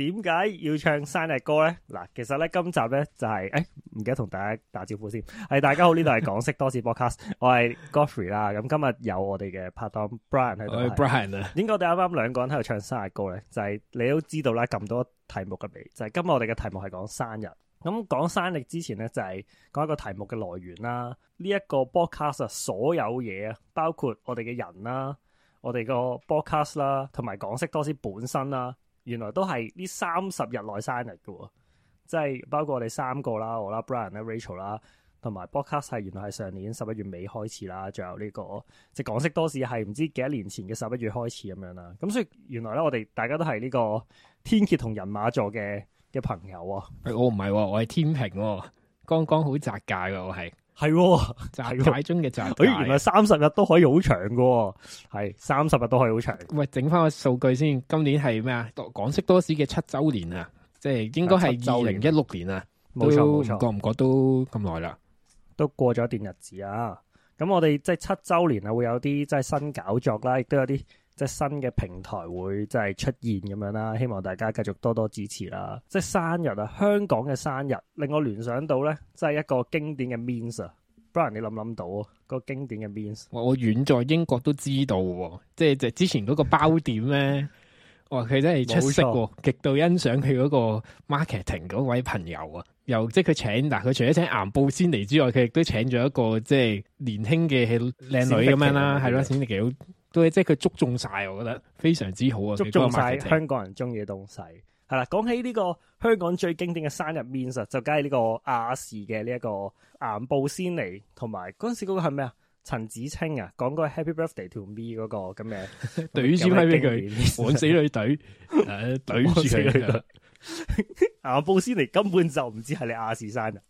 點解要唱生日歌咧？嗱，其實咧今集咧就係、是、誒，唔記得同大家打招呼先，係、哎、大家好，呢度係港識多史 broadcast，我係 Godfrey 啦。咁今日有我哋嘅拍檔 Brian 喺度，Brian 啊，點解我哋啱啱兩個人喺度唱生日歌咧？就係、是、你都知道啦，咁多題目嘅嚟，就係、是、今日我哋嘅題目係講生日。咁講生日之前咧，就係、是、講一個題目嘅來源啦。呢、這、一個 broadcast 所有嘢啊，包括我哋嘅人啦，我哋個 broadcast 啦，同埋港識多史本身啦。原來都係呢三十日內生日嘅，哦，即、就、係、是、包括我哋三個啦，我啦 Brian 咧、Rachel 啦，同埋 Podcast 係原來係上年十一月尾開始啦，仲有呢、這個即係、就是、港識多史係唔知幾多年前嘅十一月開始咁樣啦。咁所以原來咧，我哋大家都係呢個天蠍同人馬座嘅嘅朋友啊、哦哎哦哦。我唔係、哦，我係天平，剛剛好窄界嘅我係。係，就係樽嘅就係，原來三十日都可以好長嘅，係三十日都可以好長。喂，整翻個數據先，今年係咩啊？港識多史嘅七周年啊，即係應該係二零一六年啊，冇錯冇錯，過唔過都咁耐啦，都過咗一段日子啊。咁我哋即係七周年啊，會有啲即係新搞作啦，亦都有啲。.即係新嘅平台會即係出現咁樣啦，希望大家繼續多多支持啦。即係生日啊，香港嘅生日令我聯想到咧，即係一個經典嘅 means 啊，Brian, 你想不如你諗唔諗到啊、嗰個經典嘅 means。我遠在英國都知道，即係即係之前嗰個包點咧， 哇佢真係出色，極度欣賞佢嗰個 marketing 嗰位朋友啊。又即係佢請，但佢除咗請岩布先嚟之外，佢亦都請咗一個即係年輕嘅靚女咁樣啦，係咯，先你幾好。對，即係佢捉中晒，我覺得非常之好啊！捉中晒香港人中意嘅東西。係啦，講起呢個香港最經典嘅生日麵食，就梗係呢個亞視嘅呢一個岩布仙尼，同埋嗰陣時嗰個係咩啊？陳芷菁啊，講個 Happy Birthday to me 嗰、嗰個咁嘅對住咪俾佢，往、 嗯、 死里女懟，對住佢個岩布仙尼根本就唔知係你亞視生日啊！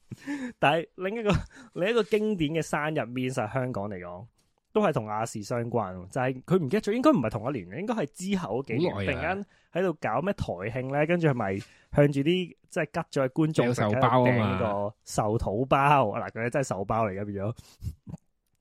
但係另一個另一個經典嘅生日麵食，就係、香港嚟講。都係同亞視相關，就係佢唔記得咗，應該唔係同一年嘅，應該係之後幾年，突然間喺度搞咩台慶咧，跟住係咪向住啲即係吉咗觀眾，突然間掟呢個壽土包嗱，佢、啊、真係壽包嚟嘅變咗，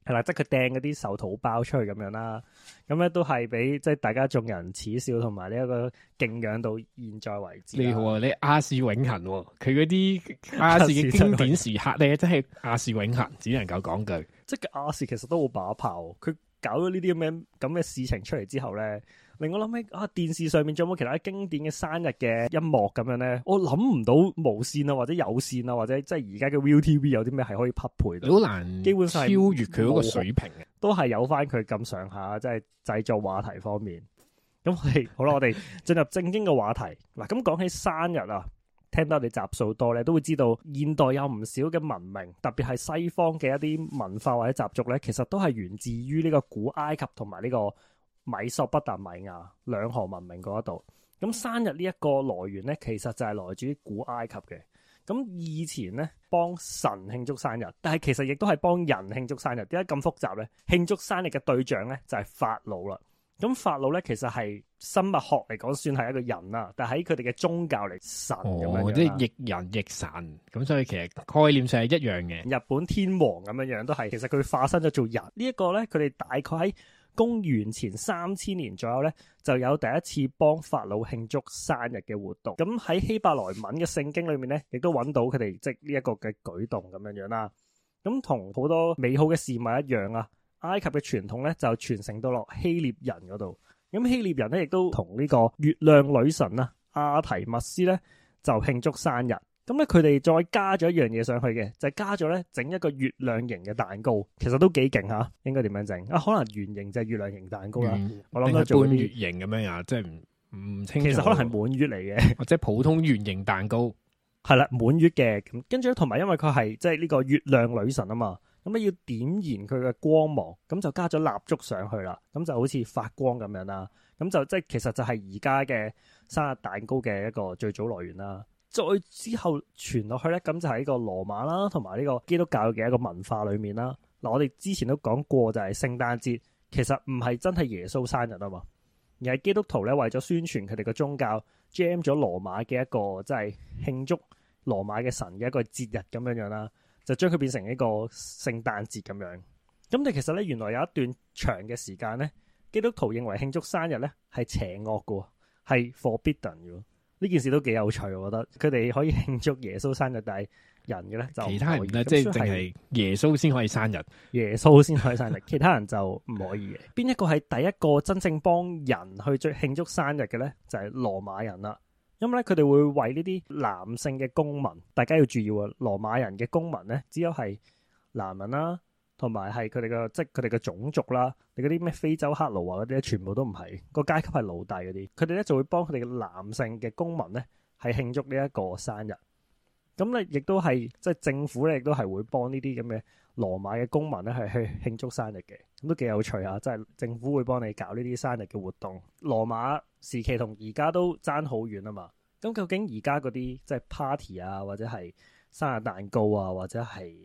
係 啦，即係佢掟嗰啲壽土包出去咁樣啦，咁咧都係俾即係大家眾人恥笑同埋呢一個敬仰到現在為止。你好啊，你亞視永恆、哦，佢嗰啲亞視嘅經典時刻咧， 你真係亞視永恆，只能夠講句。即係阿 s 其實都好把炮，佢搞咗呢啲咁嘅咁嘅事情出嚟之後咧，令我諗起啊，電視上面仲有冇其他經典嘅生日嘅音樂咁樣咧？我諗唔到無綫啊，或者有綫啊，或者即係而家嘅 Viu TV 有啲咩係可以匹配？好難，基本上超越佢一個水平，都係有翻佢咁上下，即係製作話題方面。咁我哋好啦， 我哋進入正經嘅話題。嗱，咁講起生日啊。聽到你集數多咧，都會知道現代有唔少嘅文明，特別係西方嘅一啲文化或者習俗咧，其實都係源自於呢個古埃及同埋呢個米索不達米亞兩河文明嗰一度。咁生日呢一個來源咧，其實就係來自於古埃及嘅。咁以前咧，幫神慶祝生日，但係其實亦都係幫人慶祝生日。點解咁複雜咧？慶祝生日嘅對象咧，就係法老啦。咁法老咧，其實係生物學嚟講，算係一個人啦。但喺佢哋嘅宗教嚟神咁樣、哦、即係亦人亦神。咁所以其實概念上係一樣嘅。日本天皇咁樣樣都係，其實佢化身咗做人。這個、呢一個咧，佢哋大概喺公元前三千年左右咧，就有第一次幫法老慶祝生日嘅活動。咁喺希伯來文嘅聖經裏面咧，亦都揾到佢哋即呢一個嘅舉動咁樣樣啦。咁同好多美好嘅事物一樣啊。埃及嘅傳統咧，就傳承到落希臘人嗰度，咁希臘人咧亦都同呢個月亮女神啊阿提密斯咧就慶祝生日，咁咧佢哋再加咗一樣嘢上去嘅，就係，加咗咧整一個月亮型嘅蛋糕，其實都幾勁吓，應該點樣整啊？可能圓形就係月亮型蛋糕啦，嗯，我諗都做半月形咁樣啊，即係唔唔清楚，其實可能係滿月嚟嘅，或者普通圓形蛋糕係啦，滿月嘅咁，跟住咧同埋因為佢係即係呢個月亮女神啊嘛。咁咧要點燃佢嘅光芒，咁就加咗蠟燭上去啦，咁就好似發光咁樣啦。咁就即係其實就係而家嘅生日蛋糕嘅一個最早來源啦。再之後傳落去咧，咁就係一個羅馬啦，啊，同埋呢個基督教嘅一個文化裏面啦。嗱，我哋之前都講過，就係聖誕節其實唔係真係耶穌生日啊嘛，而係基督徒咧為咗宣傳佢哋嘅宗教，jam 咗羅馬嘅一個即係慶祝羅馬嘅神嘅一個節日咁樣樣啦。就將佢變成一個聖誕節咁樣。咁但其實咧，原來有一段長嘅時間咧，基督徒認為慶祝生日咧係邪惡嘅，係 forbidden 嘅。呢件事都幾有趣，我覺得佢哋可以慶祝耶穌生日，但係人嘅咧就其他人咧，即係淨係耶穌先可以生日，耶穌先可以生日，其他人就唔可以。邊 一個係第一個真正幫人去慶祝生日嘅咧？就係、係、羅馬人啦。因為咧，佢哋會為呢啲男性嘅公民，大家要注意啊！羅馬人嘅公民咧，只有係男人啦，同埋係佢哋嘅即係佢哋嘅種族啦，你嗰啲咩非洲黑奴啊嗰啲，全部都唔係個階級係奴隸嗰啲，佢哋咧就會幫佢哋嘅男性嘅公民咧，係慶祝呢一個生日。咁咧，亦都係即係政府咧，亦都係會幫呢啲咁嘅。羅馬嘅公民咧係去慶祝生日嘅，咁都幾有趣吓、啊，即係政府會幫你搞呢啲生日嘅活動。羅馬時期同而家都爭好遠啊嘛，咁究竟而家嗰啲即係 party 啊，或者係生日蛋糕啊，或者係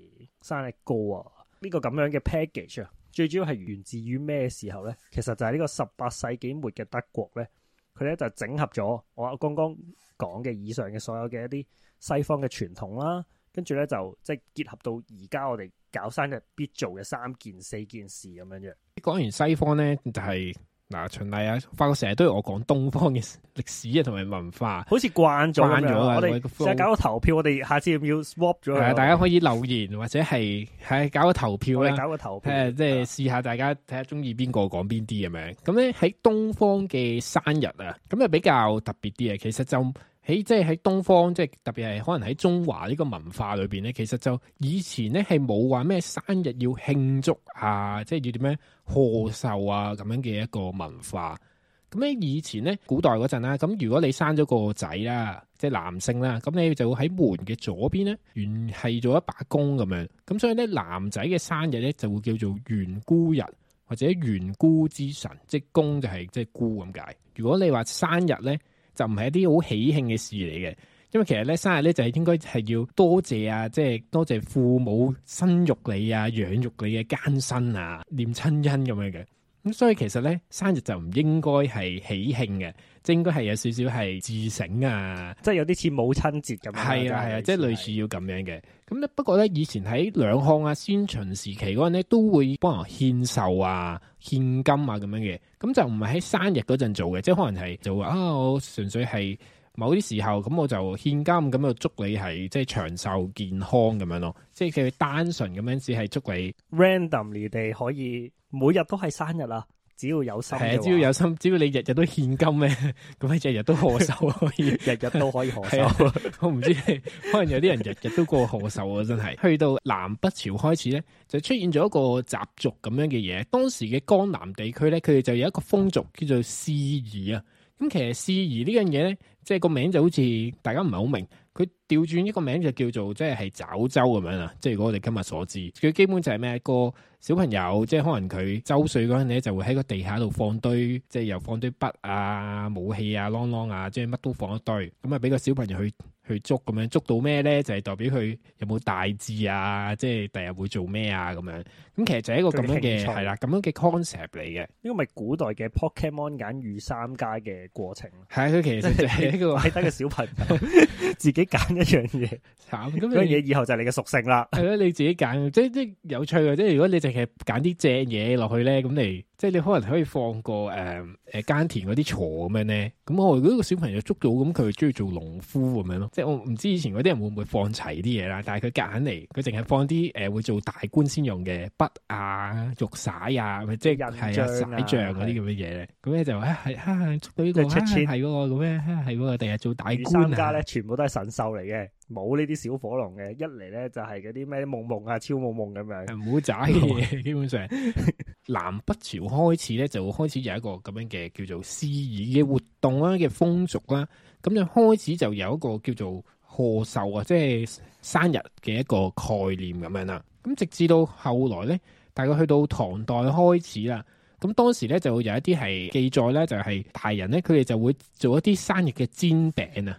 生日歌啊，呢、這個咁樣嘅 package 啊，最主要係源自於咩時候咧？其實就係呢個十八世紀末嘅德國咧，佢咧就整合咗我剛剛講嘅以上嘅所有嘅一啲西方嘅傳統啦、啊。跟住咧就即係結合到而家我哋搞生日必做嘅三件四件事咁樣嘅。講完西方咧就係、是、嗱，循例啊，發覺成日都要我講東方嘅歷史啊，同埋文化，好似慣咗啦。我哋搞個投票，啊、我哋下次要唔要 swap 咗要。係啊，大家可以留言或者係係、啊、搞個投票搞個投票，即係試下大家睇下中意邊個講邊啲咁樣。咁咧喺東方嘅生日啊，咁啊比較特別啲嘅，其實就是。喺即係喺東方，即係特別係可能喺中華呢個文化裏邊咧，其實就以前咧係冇話咩生日要慶祝啊，即係要點樣賀壽啊咁樣嘅一個文化。咁咧以前咧古代嗰陣啦，咁如果你生咗個仔啦，即係男性啦，咁你就會喺門嘅左邊咧，懸係做一把弓咁樣。咁所以咧男仔嘅生日咧就會叫做元姑人，或者元姑之神，即係弓就係即係姑咁解。如果你話生日咧，就唔係一啲好喜慶嘅事嚟嘅，因為其實咧生日咧就係應該係要多謝啊，即係多謝父母生育你啊、養育你嘅艱辛啊、念親恩咁樣嘅。咁所以其實咧，生日就唔應該係喜慶嘅，即應該係有少少係自省啊，即係有啲似母親節咁樣嘅。係啊係啊，即係、啊啊就是、類似要咁樣嘅。咁咧不過咧，以前喺兩漢啊、先秦時期嗰陣咧，都會幫人獻壽啊、獻金啊咁樣嘅。咁就唔係喺生日嗰陣做嘅，即、就、係、是、可能係做話啊、哦，我純粹係。某啲時候，咁我就獻金，咁就祝你係即係長壽健康咁樣咯，即係佢單純咁樣只係祝你 random 你哋可以每日都係生日啦，只要有心。係啊，只要有心，只要你日日都獻金咩？咁係日日都賀壽可以，日 日都可以賀壽、 啊、我唔知可能有啲人日日都過賀壽啊， 真係。去到南北朝開始咧，就出現咗一個習俗咁樣嘅嘢。當時嘅江南地區咧，佢哋就有一個風俗、嗯、叫做試兒啊。咁其實試兒呢樣嘢咧，即係個名就好似大家唔係好明，佢調轉一個名就叫做即係係抓周咁樣啊！即係如果我哋今日所知，佢基本就係咩個小朋友，即係可能佢周歲嗰陣咧，就會喺個地下度放堆，即係又放堆筆啊、武器啊、啷啷啊，即係乜都放一堆，咁啊俾個小朋友去。去捉，咁樣捉到咩咧？就係、是、代表佢有冇大志啊？即係第日會做咩啊？咁樣，咁其實就係一個咁樣嘅係啦，咁樣嘅 concept 嚟嘅。呢個咪古代嘅 Pokemon 揀御三家嘅過程係，係啊，佢其實係就一就、呢個係得個小朋友 自己揀一樣嘢，慘咁樣嘢以後就係你嘅屬性啦。係 你自己揀，即係即係有趣嘅。即係如果你淨係揀啲正嘢落去咧，咁你。即係你可能可以放個誒誒耕田嗰啲鋤咁樣咧，咁我如果個小朋友捉到咁，佢中意做農夫咁樣咯。即係我唔知以前嗰啲人會唔會放齊啲嘢啦，但係佢揀嚟，佢淨係放啲誒、呃、會做大官先用嘅筆啊、玉璽啊，即係係啊、璽、啊、像嗰啲咁嘅嘢咧。咁咧就誒係、啊啊、捉到呢、這個、就是、七千啊係嗰個咁樣係嗰個第日做大官啊。全家咧全部都係神獸嚟嘅。冇呢啲小火龍嘅，一嚟咧就係嗰啲咩夢夢啊、超夢夢咁樣，唔好渣嘢。基本上南北朝開始咧，就開始有一個咁樣嘅叫做試兒嘅活動啦、嘅風俗啦，咁就開始就有一個叫做賀壽啊，即係生日嘅一個概念咁樣啦。咁直至到後來咧，大概去到唐代開始啦，咁當時咧就會有一啲係記載咧，就係大人咧佢哋就會做一啲生日嘅煎餅啊。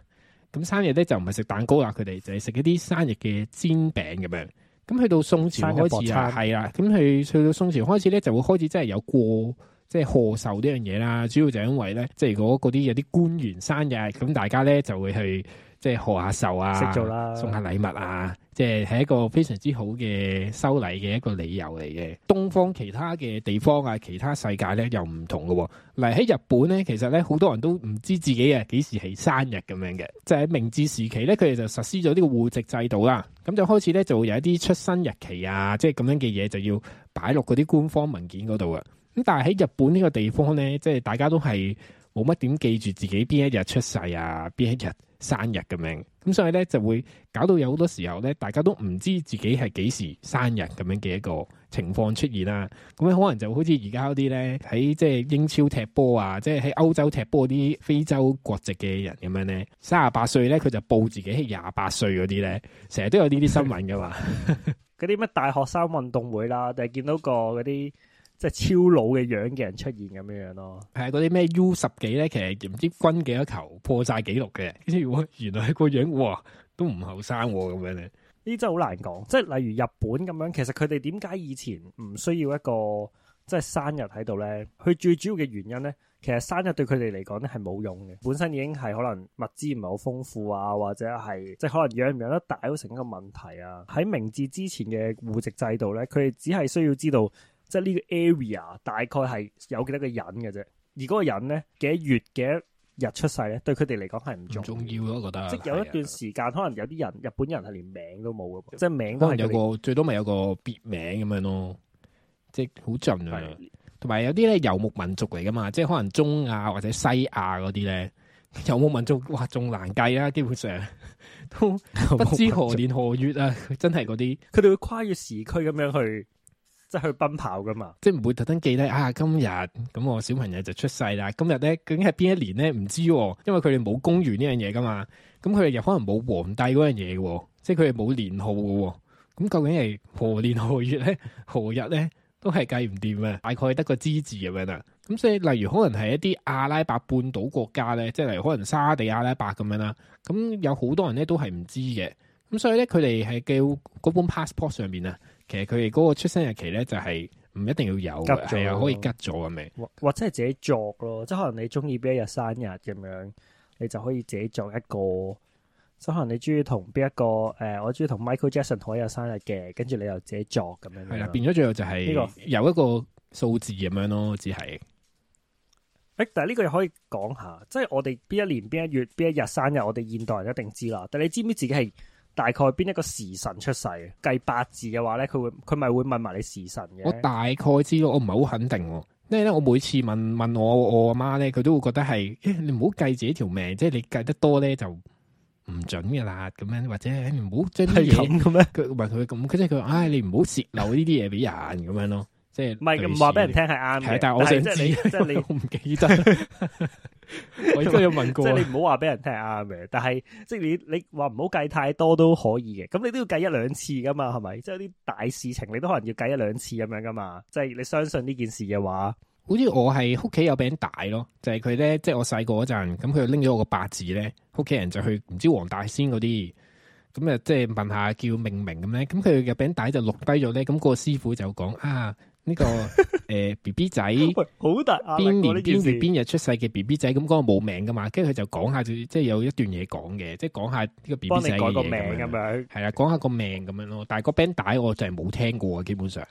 咁生日咧，就唔係食蛋糕吃啦，佢哋就係食一啲生日嘅煎餅咁樣。咁去到宋朝開始啊，係啦。咁去去到宋朝開始咧，就會開始真係有過即係賀壽呢樣嘢啦。主要就因為咧，即係如果嗰啲有啲官員生日，咁大家咧就會去即係賀下壽啊，識做啦，送下禮物啊。即係一個非常之好嘅修禮嘅一個理由嚟嘅。東方其他嘅地方啊，其他世界呢，又唔同嘅，哦。嗱，喺日本呢，其實呢，好多人都唔知自己啊幾時係生日咁樣嘅。即係喺明治時期呢，佢哋就實施咗呢個戶籍制度啦。咁就開始呢，就有一啲出生日期啊，即係咁樣嘅嘢就要擺落嗰啲官方文件嗰度啊。咁但係喺日本呢個地方呢，即係大家都係冇乜點記住自己邊一日出世啊，邊一日生日咁樣，咁所以咧就會搞到有好多時候咧，大家都唔知自己係幾時生日咁樣嘅一個情況出現啦。咁樣可能就好似而家啲咧喺即係英超踢波啊，即係喺歐洲踢波啲非洲國籍嘅人咁樣咧，三十八歲咧佢就報自己係廿八歲嗰啲咧，成日都有呢啲新聞噶嘛。嗰啲乜大學生運動會啦，定係見到個嗰啲？即係超老嘅樣嘅人出現咁樣樣咯，係嗰啲咩 U 十幾咧，其實唔知分幾多球破晒紀錄嘅。跟住原來個樣，哇，都唔後生咁樣咧。呢啲真係好難講。即係例如日本咁樣，其實佢哋點解以前唔需要一個即係生日喺度咧？佢最主要嘅原因咧，其實生日對佢哋嚟講咧係冇用嘅。本身已經係可能物資唔係好豐富啊，或者係即係可能養唔養得大都成個問題啊。喺明治之前嘅戶籍制度咧，佢哋只係需要知道。即係呢個 area 大概係有幾多個人嘅啫？而嗰個人咧，幾月幾日出世咧？對佢哋嚟講係唔重要咯，重要的覺得即係有一段時間，可能有啲人日本人係連名都冇嘅，即係名都可能有個最多咪有個別名咁樣咯，即係好盡啊！同埋有啲咧游牧民族嚟噶嘛，即係可能中亞或者西亞嗰啲咧游牧民族，哇，仲難計啦、啊！基本上都不知何年何月啊， 真係嗰啲佢哋會跨越時區咁樣去。即係去奔跑噶嘛，即係唔會特登記低啊！今日咁我小朋友就出世啦。今日咧究竟係邊一年咧？唔知、哦，因為佢哋冇公元呢樣嘢噶嘛。咁佢哋又可能冇皇帝嗰樣嘢，即係佢哋冇年號噶、哦。咁究竟係何年何月咧？何日咧？都係計唔掂啊！大概得個之字咁樣啦。咁所以例如可能係一啲阿拉伯半島國家咧，即係例如可能沙地阿拉伯咁樣啦。咁有好多人咧都係唔知嘅。咁所以咧佢哋係叫嗰本 passport 上面啊。其實佢哋嗰個出生日期咧，就係唔一定要有，係啊，可以吉咗咁樣。或或者係自己作咯，即係可能你中意邊一日生日咁樣，你就可以自己作一個。即可能你中意同邊一個誒、呃，我中意同 Michael Jackson 同一日生日嘅，跟住你又自己作咁樣。係啦，變咗最後就係有一個數字咁樣咯、這個，只係。誒，但係呢個又可以講下，即係我哋邊一年邊一月邊一日生日，我哋現代人一定知啦。但係你知唔知自己係？大概邊一個時辰出世？計八字嘅話咧，佢會佢咪會問埋你時辰嘅。我大概知道，我唔係好肯定。因為咧，我每次問問我我阿媽咧，佢都會覺得係，誒、欸、你唔好計自己條命，即係你計得多咧就唔準噶啦。咁樣或者唔好將啲嘢咁樣。佢咪係佢咁，即係佢話，唉、哎、你唔好泄漏呢啲嘢俾人咁樣咯。 即係唔係咁話俾人聽係啱嘅，但係我即係你即係你，就是、你 我唔記得， 我應該有問過。即係你唔好話俾人聽啱嘅，但係即係你你話唔好計太多都可以嘅，咁你都要計一兩次噶嘛，係咪？即係啲大事情你都可能要計一兩次咁樣噶嘛，即、就、係、是、你相信呢件事嘅話，好似我係屋企有餅帶咯，就係佢咧，即、就、係、是、我細個嗰陣，咁佢拎咗我個八字咧，屋企人就去唔知黃大仙嗰啲，咁啊即係問下叫命名咁咧，咁佢嘅餅帶就錄低咗咧，咁個師傅就講啊。呢、 這個誒 B B 仔，好 大邊年邊月邊日出世嘅 B B 仔，咁、那、嗰個冇名噶嘛，跟住佢就講下，即、就、係、是、有一段嘢講嘅，即係講下呢個 B B 仔個名咁樣，係啦，講下個名咁樣咯。但係個 band 帶我就係冇聽過，基本上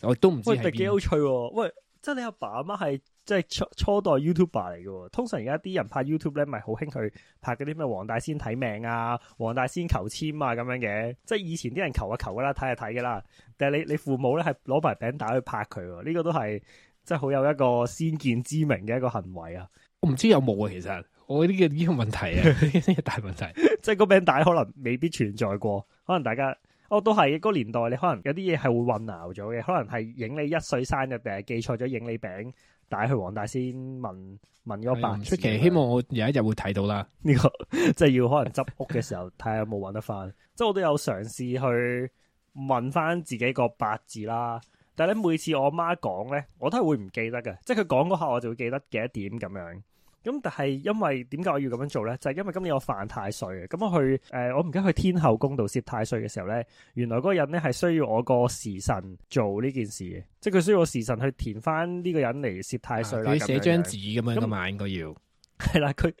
我都唔知喺邊，喂，幾有趣喂，即係你阿爸阿媽係。即係初初代 YouTuber 嚟嘅，通常而家啲人拍 YouTube 咧，咪好興去拍嗰啲咩黃大仙睇命啊、黃大仙求簽啊咁樣嘅。即係以前啲人求啊求嘅啦，睇啊睇嘅啦。但係你你父母咧係攞埋餅帶去拍佢，呢、這個都係即係好有一個先見之明嘅一個行為啊。我唔知有冇啊，其實我呢、這個呢、這個問題啊，呢啲大問題。即係個餅帶可能未必存在過，可能大家哦，都係嘅。嗰、那個、年代你可能有啲嘢係會混淆咗嘅，可能係影你一歲生日定係記錯咗影你餅。帶去黃大仙問問嗰八字。出、哎、奇，希望我有一日會睇到啦。呢個即係要可能執屋嘅時候睇下 有冇搵得翻。即係我都有嘗試去問翻自己個八字啦，但係咧每次我媽講咧，我都係會唔記得嘅。即係佢講嗰下我就會記得幾多點咁樣。咁但係因為點解我要咁樣做咧？就係、是、因為今年我犯太歲嘅，咁我去誒、呃，我唔記得去天后宮度攝太歲嘅時候咧，原來嗰個人咧係需要我個時辰做呢件事嘅，即係佢需要我時辰去填翻呢個人嚟攝太歲啦。佢寫張紙咁樣噶嘛，應該要係啦。佢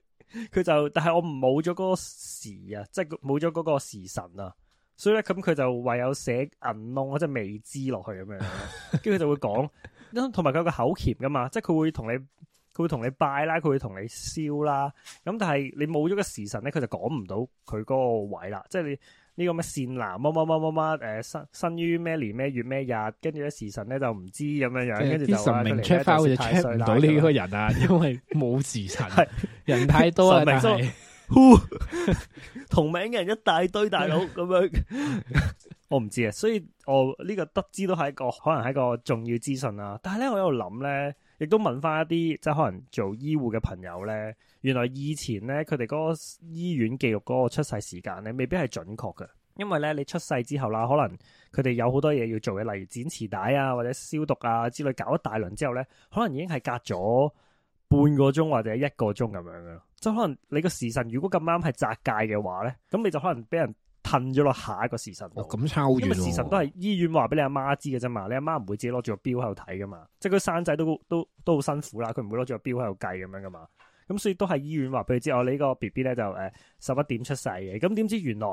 佢就但係我冇咗嗰個時啊，即係冇咗嗰個時辰啊，所以咧咁佢就唯有寫銀窿或者未知落去咁樣，跟住佢就會講，同埋佢有個口鉗噶嘛，即係佢會同你。佢會同你拜啦，佢會同你燒啦，咁但係你冇咗個時辰咧，佢就講唔到佢嗰個位啦，即係你呢個咩善男乜乜乜乜乜誒，生生於咩年咩月咩日，跟住啲時辰咧就唔知咁樣樣，跟住就，就太神明 check 翻，好似 check 唔到呢個人啊，因為冇時辰，係 人太多明， 同名嘅人一大堆 大佬咁樣， 我唔知啊，所以我呢個得知都係一個可能係一個重要資訊啦，但係咧我喺度諗咧。亦都問翻一啲即係可能做醫護嘅朋友咧，原來以前咧佢哋嗰個醫院記錄嗰個出世時間咧，未必係準確嘅，因為咧你出世之後啦，可能佢哋有好多嘢要做嘅，例如剪臍帶啊或者消毒啊之類，搞一大輪之後咧，可能已經係隔咗半個鐘或者一個鐘咁樣嘅，即係可能你個時辰如果咁啱係窄界嘅話咧，咁你就可能俾人。褪咗落下一個時辰，咁差遠，因為時辰都係醫院話俾你阿媽知嘅啫嘛，你阿媽唔會自己攞住個表喺度睇噶嘛，即係佢生仔都都都好辛苦啦，佢唔會攞住個表喺度計咁樣噶嘛，咁、嗯、所以都係醫院話俾你知，我呢個 B B 咧就誒十一點出世嘅，咁點知原來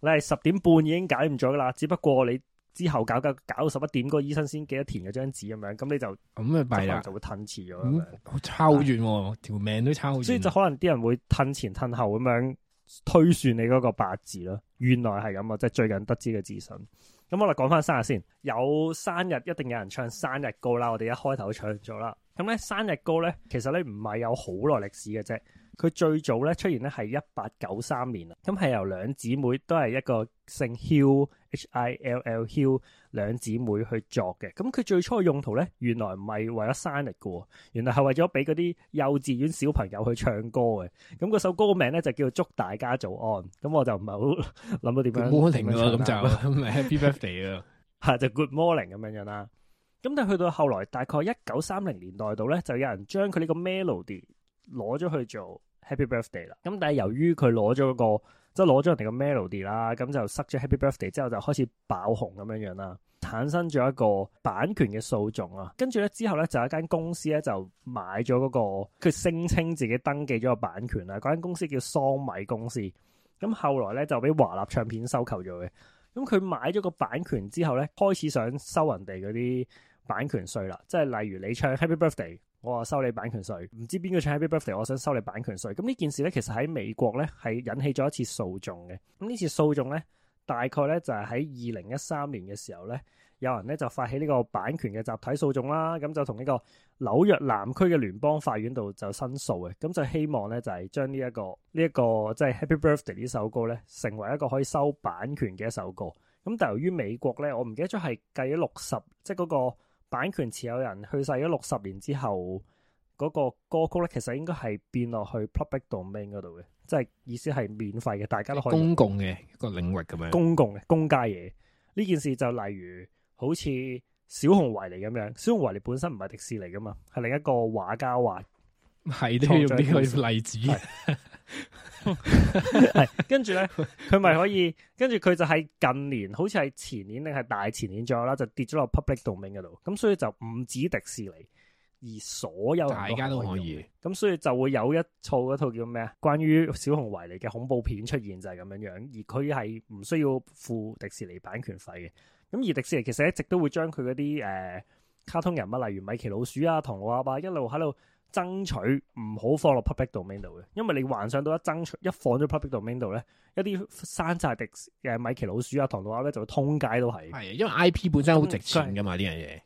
你係十點半已經解唔咗噶啦，只不過你之後搞搞搞到十一點，嗰個醫生先記得填嗰張紙咁樣，咁你就咁咪自然就會褪遲咗，咁差遠，條、啊、命都差遠、啊，所以就可能啲人會褪前褪後咁樣。推算你嗰個八字咯，原來係咁啊！即係最近得知嘅資訊。咁我嚟講翻生日先，有生日一定有人唱生日歌啦。我哋一開頭唱咗啦。咁咧生日歌咧，其實咧唔係有好耐歷史嘅啫。佢最早咧出現咧係一八九三年啦。咁係由兩姊妹，都係一個姓 Hill -L -L H.I.L.L. Hill 兩姊妹去作嘅，咁佢最初嘅用途咧，原來唔係為咗生日過，原來係為咗俾嗰啲幼稚園小朋友去唱歌嘅。咁嗰首歌名咧就叫做祝大家早安。咁我就唔係好諗到點樣。Good morning 咁就 Happy Birthday 咯， 就 Good morning 咁樣樣啦。咁但係去到後來，大概一九三零年代度咧，就有人將佢呢個 melody 攞咗去做 Happy Birthday 啦。咁但係由於佢攞咗個即攞咗人哋嘅 melody 啦，咁就塞咗 Happy Birthday 之後就開始爆紅咁樣樣啦，產生咗一個版權嘅訴訟啊。跟住咧之後咧就有一間公司咧就買咗嗰個，佢聲稱自己登記咗個版權啦。嗰間公司叫桑米公司，咁後來咧就俾華納唱片收購咗嘅。咁佢買咗個版權之後咧，開始想收人哋嗰啲版權稅啦，即係例如你唱 Happy Birthday。我話收你版權稅，唔知邊個唱 Happy Birthday，我想收你版權稅。咁呢件事咧，其實喺美國咧係引起咗一次訴訟嘅。咁呢次訴訟咧，大概咧就係喺二零一三年嘅時候咧，有人咧就發起呢個版權嘅集體訴訟啦。咁就同呢個紐約南區嘅聯邦法院度就申訴嘅。咁就希望咧就係將呢、呢、一個呢一、呢個即係、即係、Happy Birthday 呢首歌咧，成為一個可以收版權嘅一首歌。咁但由於美國咧，我唔記得咗係計咗六十，即係嗰、嗰個。版權持有人去世咗六十年之後，嗰、那個歌曲咧，其實應該係變落去 public domain 嗰度嘅，即係意思係免費嘅，大家都可以公。公共嘅一個領域咁樣。公共嘅公家嘢呢件事就例如好似小熊維尼咁樣，小熊維尼本身唔係迪士尼噶嘛，係另一個畫家畫。係都要用呢個例子。 係， 跟住咧，佢 咪可以？跟住佢就係近年，好似係前年定係大前年左右啦，就跌咗落 public domain 嗰度。咁所以就唔止迪士尼，而所有大家都可以。咁所以就會有一套嗰套叫咩啊？關於小熊維尼嘅恐怖片出現，就係咁樣樣。而佢係唔需要付迪士尼版權費嘅。咁而迪士尼其實一直都會將佢嗰啲誒卡通人物，例如米奇老鼠啊、唐老鴨啊一路喺度。爭取唔好放落 public domain 度嘅，因為你幻想到一爭取一放咗 public domain 度咧，一啲山寨迪誒米奇老鼠啊、唐老鴨咧就會通街都係，係啊，因為 I P 本身好值錢噶嘛、嗯、呢樣嘢，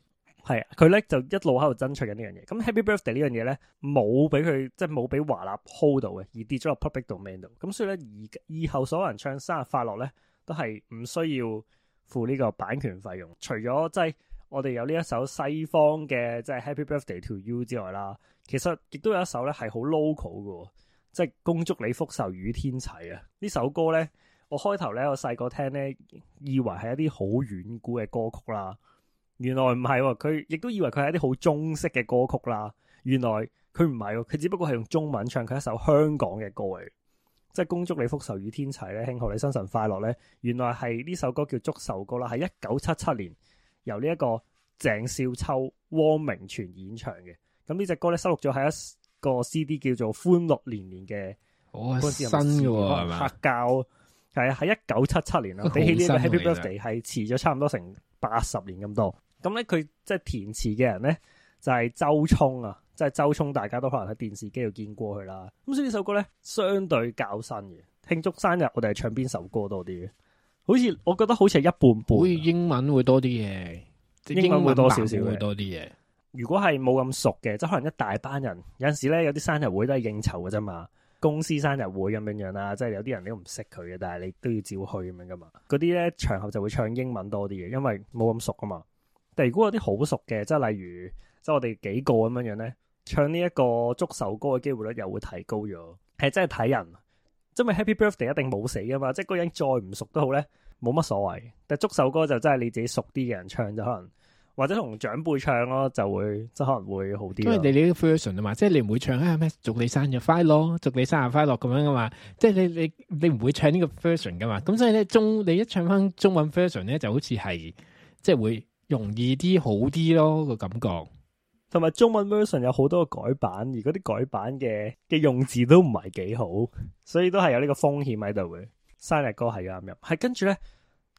係啊，佢咧就一路喺度爭取緊呢樣嘢，咁 Happy Birthday 呢樣嘢咧冇俾佢即係冇俾華納 hold 到嘅，而跌咗落 public domain 度，咁所以咧以以後所有人唱生日快樂咧都係唔需要付呢個版權費用，除咗即係。我哋有呢一首西方嘅，即係 Happy Birthday to You 之外啦，其實亦都有一首咧係好 local 嘅，即係恭祝你福壽與天齊啊。呢首歌咧，我開頭咧，我細個聽咧，以為係一啲好遠古嘅歌曲啦。原來唔係，佢亦都以為佢係一啲好中式嘅歌曲啦。原來佢唔係，佢只不過係用中文唱佢一首香港嘅歌嚟，就是，即係恭祝你福壽與天齊咧，慶賀你生辰快樂咧。呢原來係呢首歌叫祝壽歌啦，係一九七七年。由呢一個鄭少秋、汪明荃演唱嘅，咁呢隻歌咧收錄咗喺一個 CD 叫做《歡樂年年》嘅。哦，時新嘅喎，係嘛？黑膠係喺一九七七年啦。比起呢個 Happy Birthday，係遲咗差唔多成八十年咁多。咁咧佢即係填詞嘅人咧就係、是、周聰啊，即、就、係、是、周聰、啊，周聰大家都可能喺電視機度見過佢啦。咁所以呢首歌咧相對較新嘅，慶祝生日我哋係唱邊首歌多啲嘅？好似我覺得好似係一半半，好似英文會多啲嘢。英文會多少少會多啲嘢。如果係冇咁熟嘅，即係可能一大班人有陣時咧，有啲生日會都係應酬嘅啫嘛。公司生日會咁樣樣啦，即係有啲人你都唔識佢嘅，但係你都要照去咁樣噶嘛。嗰啲咧場合就會唱英文多啲嘅，因為冇咁熟啊嘛。但如果有啲好熟嘅，即係例如即係我哋幾個咁樣樣咧，唱呢一個祝壽歌嘅機會率又會提高咗。係真係睇人。即係 happy birthday 一定冇死噶嘛，即係嗰個人再唔熟都好咧，冇乜所謂。但係捉首歌就真係你自己熟啲嘅人唱就可能，或者同長輩唱咯，就會即係可能會好啲。因為你呢個 version 啊嘛，即係你唔會唱啊咩，祝你生日快樂，祝你生日快樂咁樣噶嘛，即係你你你唔會唱呢個 version 噶嘛。咁所以咧，中你一唱翻中文 version 咧，就好似係即係會容易啲好啲咯個感覺。同埋中文 version 有好多個改版，而嗰啲改版嘅嘅用字都唔係幾好，所以都係有呢個風險喺度嘅。生日歌係咁樣，係跟住咧，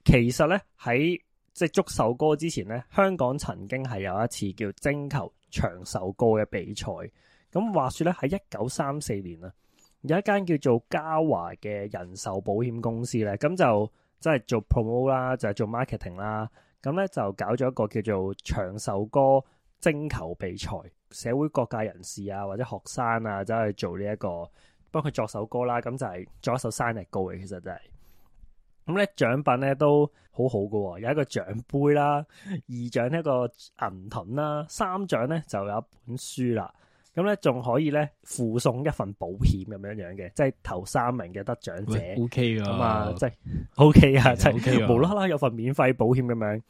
其實咧喺即係祝壽歌之前咧，香港曾經係有一次叫徵求長壽歌嘅比賽。咁話說咧，喺一九三四年啦，有一間叫做嘉華嘅人壽保險公司咧，咁就即係做 promo 啦，就係、是、做 marketing 啦，咁、就、咧、是、就搞咗一個叫做長壽歌。星球比賽，社會各界人士啊，或者學生啊，走去做呢、這、一個，幫佢作首歌啦。咁就係作一首生日歌嘅，其實就係、是。咁咧獎品咧都好好嘅、哦，有一個獎杯啦，二獎一個銀盾啦，三獎咧就有一本書啦。咁咧仲可以咧附送一份保險咁樣樣嘅，即係頭三名嘅得獎者。O K 啊，咁、okay、啊，即係 O K 啊，即、嗯、係、okay okay 就是 okay、無啦啦有份免費保險咁樣，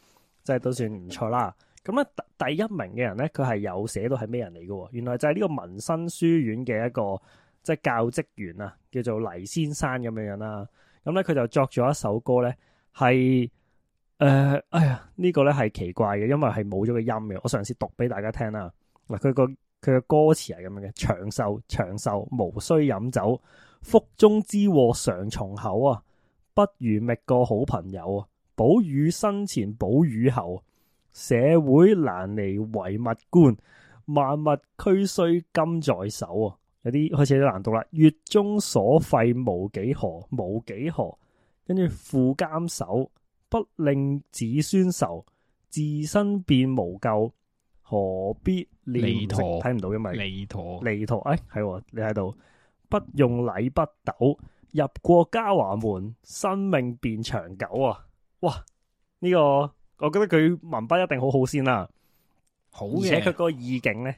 即係都算唔錯啦。咁咧，第一名嘅人咧，佢係有寫到係咩人嚟嘅？原來就係呢個民生書院嘅一個即係教職員啊，叫做黎先生咁樣樣啦。咁咧，佢就作咗一首歌咧，係誒，哎呀，呢個咧係奇怪嘅，因為係冇咗個音嘅。我上次讀俾大家聽啦。嗱，佢個佢嘅歌詞係咁樣嘅：長壽長壽，無需飲酒；福中之禍常從口啊，不如覓個好朋友啊，保汝生前保汝後。社會難離唯物觀，萬物俱須金在手啊！有啲開始有啲難度啦。月中所費無幾何，無幾何，跟住富監守不令子孫愁，自身變無咎。何必？彌陀睇唔到，因為彌陀彌陀，哎，係、哦、你喺度，不用禮不斗，入過嘉華門，生命變長久啊！哇，呢、這個～我覺得佢文筆一定好好先啦，好嘅，而且佢嗰個意境咧，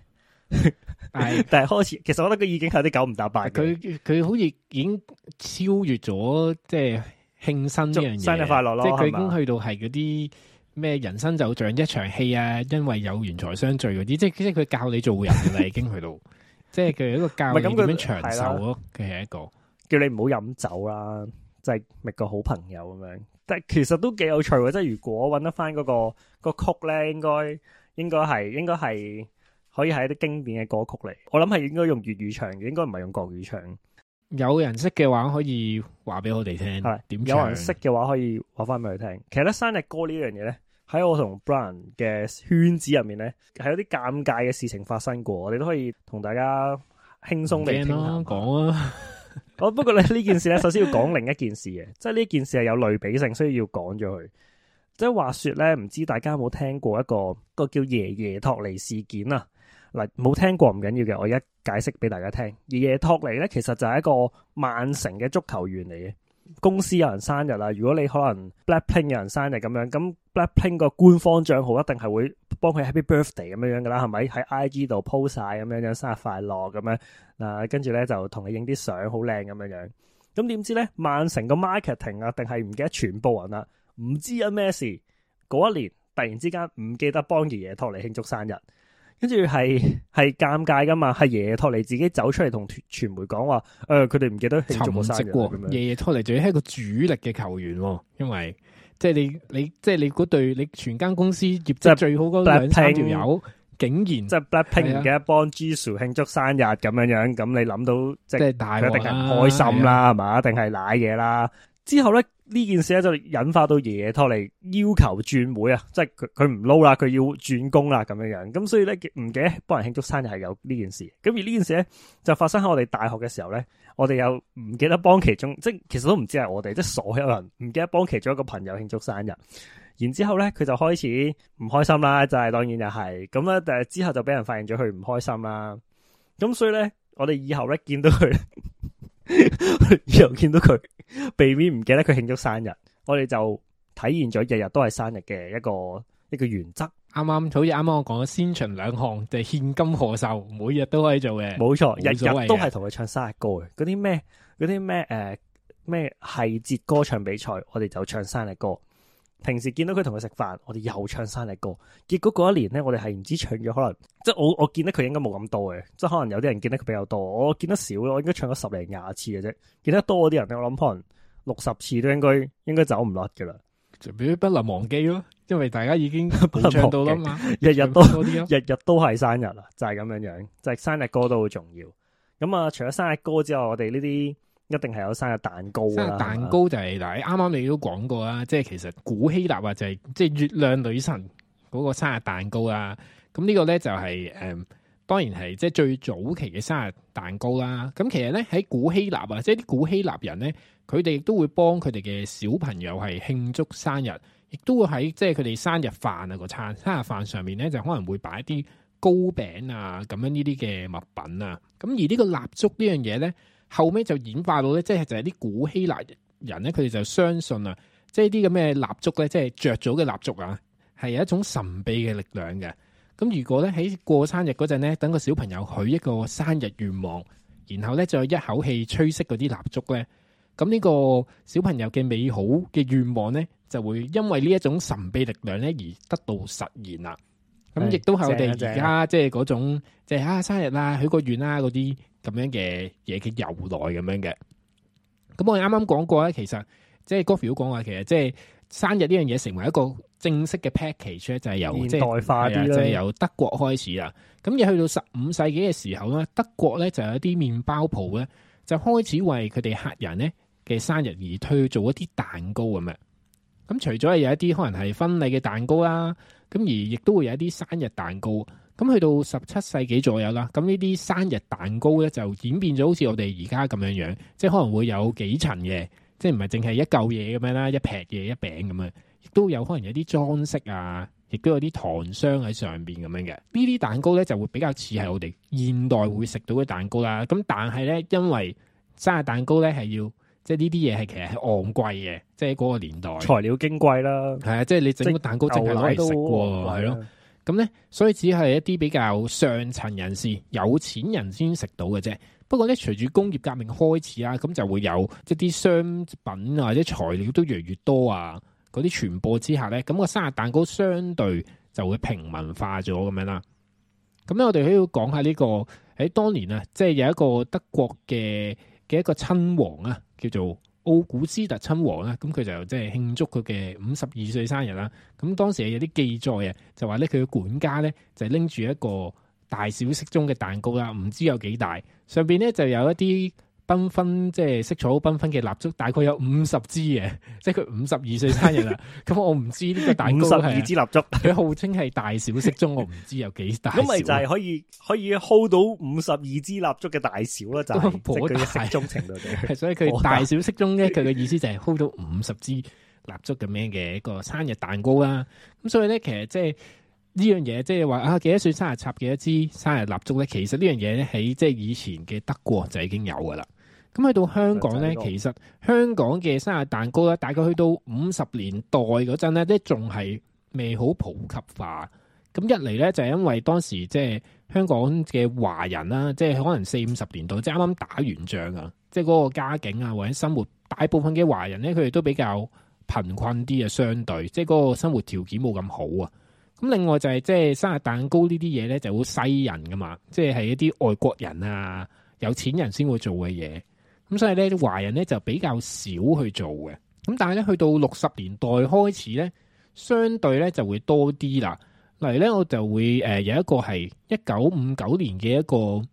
係，但係開始，其實我覺得佢意境係啲九唔搭八，佢佢好似已經超越咗，即係慶生呢樣嘢，生日快樂咯，即係佢已經去到係嗰啲咩人生就像一場戲啊，因為有緣才相聚嗰啲， 即係即係佢教你做人啦，已經去到，即係佢一個教點樣長壽咯，佢係一個叫你唔好飲酒啦、啊。即係搵個好朋友咁樣，但係其實都幾有趣喎！即係如果揾得翻嗰個曲咧，應該應該係應該係可以係一啲經典嘅歌曲嚟。我諗係應該用粵語唱嘅，應該唔係用國語唱的。有人識嘅話，可以話俾我哋聽，點唱？有人識嘅話，可以話翻俾佢聽。其實咧，生日歌呢樣嘢咧，喺我同 Brian 嘅圈子入面咧，係有啲尷尬嘅事情發生過。我哋都可以同大家輕鬆地傾下講啊。 我 不過咧，呢件事咧，首先要講另一件事嘅， 即係呢件事係有類比性，所以要講咗佢。即係話說咧，唔知大家有冇聽過一個一個叫爺爺托尼事件啊？嗱，冇聽過唔緊要嘅，我一解釋俾大家聽。爺爺托尼咧，其實就係一個曼城嘅足球員嚟嘅。公司有人生日啦，如果你可能 Blackpink 有人生日咁樣，咁 Blackpink 個官方賬號一定係會幫佢 Happy Birthday 咁樣樣噶啦，係咪喺 IG 度 po 晒咁樣樣生日快樂咁樣嗱，跟住咧就同你影啲相好靚咁樣樣，咁點知咧曼城個 marketing 啊，定係唔記得全部人啦、啊，唔知阿咩、啊、事嗰一年突然之間唔記得幫爺爺托嚟慶祝生日。跟住係係尷尬噶嘛，係爺爺托尼自己走出嚟同傳媒講話，誒佢哋唔記得慶祝生日咁樣。爺爺托尼仲要係一個主力嘅球員， 因為即係你你即係你嗰隊，你全間公司業績最好嗰兩三條友，就是， 竟然即係 blackpink 嘅幫 Jisoo 慶祝生日咁樣樣，咁你諗到即係，大家，一定係唔開心啦，係嘛？一定係瀨嘢啦。之後咧。呢件事咧就引發到爺爺托嚟要求轉會啊，即係佢佢唔撈啦，佢要轉工啦咁樣樣，咁所以咧唔記得幫人慶祝生日係有呢件事，咁而呢件事咧就發生喺我哋大學嘅時候咧，我哋又唔記得幫其中，即其實都唔知係我哋，即係所有人唔記得幫其中一個朋友慶祝生日，然之後咧佢就開始唔開心啦，就係、是、當然又係咁咧，誒之後就俾人發現咗佢唔開心啦，咁所以咧我哋以後咧見到佢， 以後見到佢。避免唔記得佢慶祝生日，我哋就體現咗日日都係生日嘅一個一個原則。啱啱好似啱啱我講咗先秦兩項，就係獻金賀壽，每日都可以做嘅。冇錯，日日都係同佢唱生日歌嘅。嗰啲咩嗰啲咩誒咩係節歌唱比賽，我哋就唱生日歌。平時見到佢同佢食飯，我哋又唱生日歌。結果嗰一年咧，我哋係唔知唱咗可能，即係我我見得佢應該冇咁多嘅，即係可能有啲人見得佢比較多。我見得少咯，我應該唱咗十零廿次嘅啫。見得多嗰啲人我諗可能六十次都應該應該走唔甩噶啦。就俾不能忘記咯，因為大家已經唱到啦嘛，日日都啲日日都係生日啦，就係咁樣樣，就係生日歌都好重要。咁啊，除咗生日歌之外，我哋呢啲。一定係有生日蛋糕，生日蛋糕就係嗱，啱啱你都講過啦，即係其實古希臘啊，就係即係月亮女神嗰個生日蛋糕啦。咁呢個咧就係誒，當然係即係最早期嘅生日蛋糕啦。咁其實咧喺古希臘啊，即係啲古希臘人咧，佢哋亦都會幫佢哋嘅小朋友係慶祝生日，亦都會喺即係佢哋生日飯啊，個餐生日飯上面咧，就可能會擺一啲糕餅啊咁樣呢啲嘅物品啊。咁而呢個蠟燭呢樣嘢咧。後尾就演化到咧，即係就係、是、啲古希臘人咧，佢哋就相信啊，即係啲咁嘅蠟燭咧，即係着咗嘅蠟燭啊，係有一種神秘嘅力量嘅。咁如果咧喺過生日嗰陣咧，等個小朋友許一個生日願望，然後咧再一口氣吹熄嗰啲蠟燭咧，咁呢個小朋友嘅美好嘅願望咧，就會因為呢一種神秘力量咧而得到實現啦。咁亦都係我哋而家即係嗰種，即、就、係、是、啊生日啦」、「許個願啦、啊」嗰啲。咁樣嘅嘢嘅由來咁樣嘅，咁我哋啱啱講過咧，其實即係 Godfrey 講過，其實即係生日呢樣嘢成為一個正式嘅 package 咧，就係由現代化啲啦，啊，就係由德國開始啦。咁而去到十五世紀嘅時候咧，德國咧就有啲麵包鋪咧，就開始為佢哋客人咧嘅生日而推做一啲蛋糕咁樣。咁除咗係有一啲可能係婚禮嘅蛋糕啦，咁而亦都會有一啲生日蛋糕。咁去到十七世紀左右啦，咁呢啲生日蛋糕咧就演變咗好似我哋而家咁樣樣，即係可能會有幾層嘅，即係唔係淨係一嚿嘢咁樣啦，一劈嘢一餅咁樣，亦都有可能有啲裝飾啊，亦都有啲糖霜喺上面咁樣嘅。呢啲蛋糕咧就會比較似係我哋現代會食到嘅蛋糕啦。咁但係咧，因為生日蛋糕咧係要，即係呢啲嘢係其實係昂貴嘅，即係嗰個年代材料矜貴啦。係啊，即係你整個蛋糕淨係攞嚟食喎，係咯。咁咧，所以只係一啲比較上層人士、有錢人先食到嘅啫。不過咧，隨住工業革命開始啊，咁就會有即啲、即係、商品啊，或者材料都越嚟越多啊，嗰啲傳播之下咧，咁、個生日蛋糕相對就會平民化咗咁樣啦，啊。咁咧，我哋要講下呢個喺當年啊，即、就、係、係、有一個德國嘅嘅一個親王啊，叫做。奧古斯特親王啦，咁佢就即係慶祝佢嘅五十二歲生日啦。咁當時有啲記載啊，就話咧佢嘅管家咧就拎住一個大小適中嘅蛋糕啦，唔知有幾大，上邊咧就有一啲。繽紛，紛即係色彩好繽紛嘅蠟燭，大概有五十支嘅，即係佢五十二歲生日啦。咁 我唔知呢個蛋糕五十二支蠟燭，佢 號稱係大小適中，我唔知有幾大小。咁咪就係可以可以 hold 到五十二支蠟燭嘅大小啦，就即係適中程度 所以佢大小適中咧，佢 嘅意思就係 hold 到五十支蠟燭咁樣嘅一個生日蛋糕啦。咁所以咧，其實即係呢樣嘢，即係話啊，幾多歲生日插幾多支生日蠟燭咧？其實呢樣嘢喺即係以前嘅德國就已經有噶啦。咁去到香港呢，就是、其實香港嘅生日蛋糕咧，大概去到五十年代嗰陣呢，即係仲係未好普及化。咁一嚟呢，就係、是、因為當時即係香港嘅華人啦，即係可能四五十年代，即係啱啱打完仗啊，即係嗰個家境啊或者生活，大部分嘅華人呢，佢哋都比較貧困啲啊，相對即係嗰個生活條件冇咁好啊。咁另外就係、是、即係生日蛋糕呢啲嘢呢，就好西人㗎嘛，即係係一啲外國人啊、有錢人先會做嘅嘢。咁所以咧，華人咧就比較少去做嘅。咁但係咧，去到六十年代開始咧，相對咧就會多啲啦。例如咧，我就會誒、呃、有一個係一九五九年嘅一個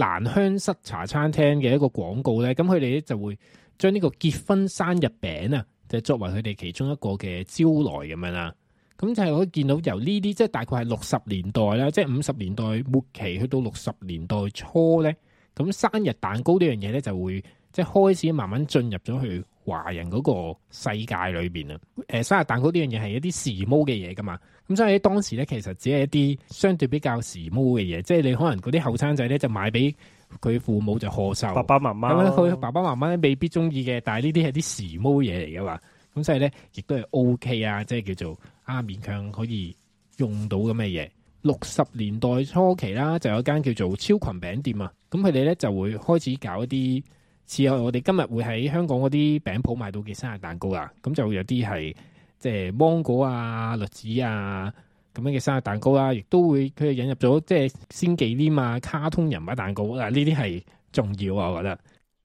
蘭香室茶餐廳嘅一個廣告咧。咁佢哋咧就會將呢個結婚生日餅啊，就作為佢哋其中一個嘅招來咁樣啦。咁就係可以見到由呢啲即係大概係六十年代啦，即係五十年代末期去到六十年代初咧。咁生日蛋糕呢樣嘢咧，就會即係開始慢慢進入咗去華人嗰個世界裏邊啊！誒、呃，生日蛋糕呢樣嘢係一啲時髦嘅嘢噶嘛，咁所以喺當時咧，其實只係一啲相對比較時髦嘅嘢，即係你可能嗰啲後生仔咧就買俾佢父母就賀壽，爸爸媽媽，佢爸爸媽媽未必中意嘅，但係呢啲係啲時髦嘢嚟噶嘛，咁所以咧，亦都係 OK 啊，即係叫做啊勉強可以用到咁嘅嘢。六十年代初期啦，就有一間叫做超群餅店啊，咁佢哋咧就會開始搞一啲，似係我哋今日會喺香港嗰啲餅鋪買到嘅生日蛋糕啊，咁就會有啲係即係芒果啊、栗子啊咁樣嘅生日蛋糕啦，亦都會佢引入咗即係鮮忌廉啊、卡通人物蛋糕啊，呢啲係重要啊，我覺得。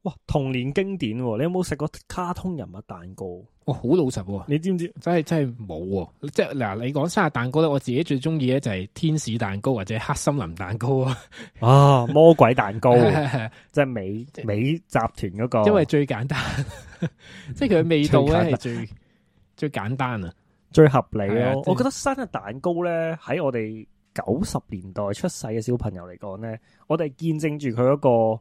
哇，童年經典，哦，你有冇食過卡通人物蛋糕？我、哦、好老實喎、啊，你知唔知？真係真係冇喎，即係嗱，你講生日蛋糕咧，我自己最中意咧就係天使蛋糕或者黑森林蛋糕啊，啊魔鬼蛋糕，即 係美美集團嗰、嗰個，因為最簡單，即係佢嘅味道咧係最簡最,最簡單啊，最合理啊。啊我覺得生日蛋糕咧喺我哋九十年代出世嘅小朋友嚟講咧，我哋見證住佢嗰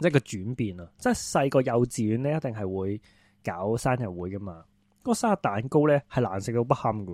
個一個轉變啊，即係細個幼稚園咧一定係會。搞生日會噶嘛？嗰、那個生日蛋糕咧係難食到不堪噶，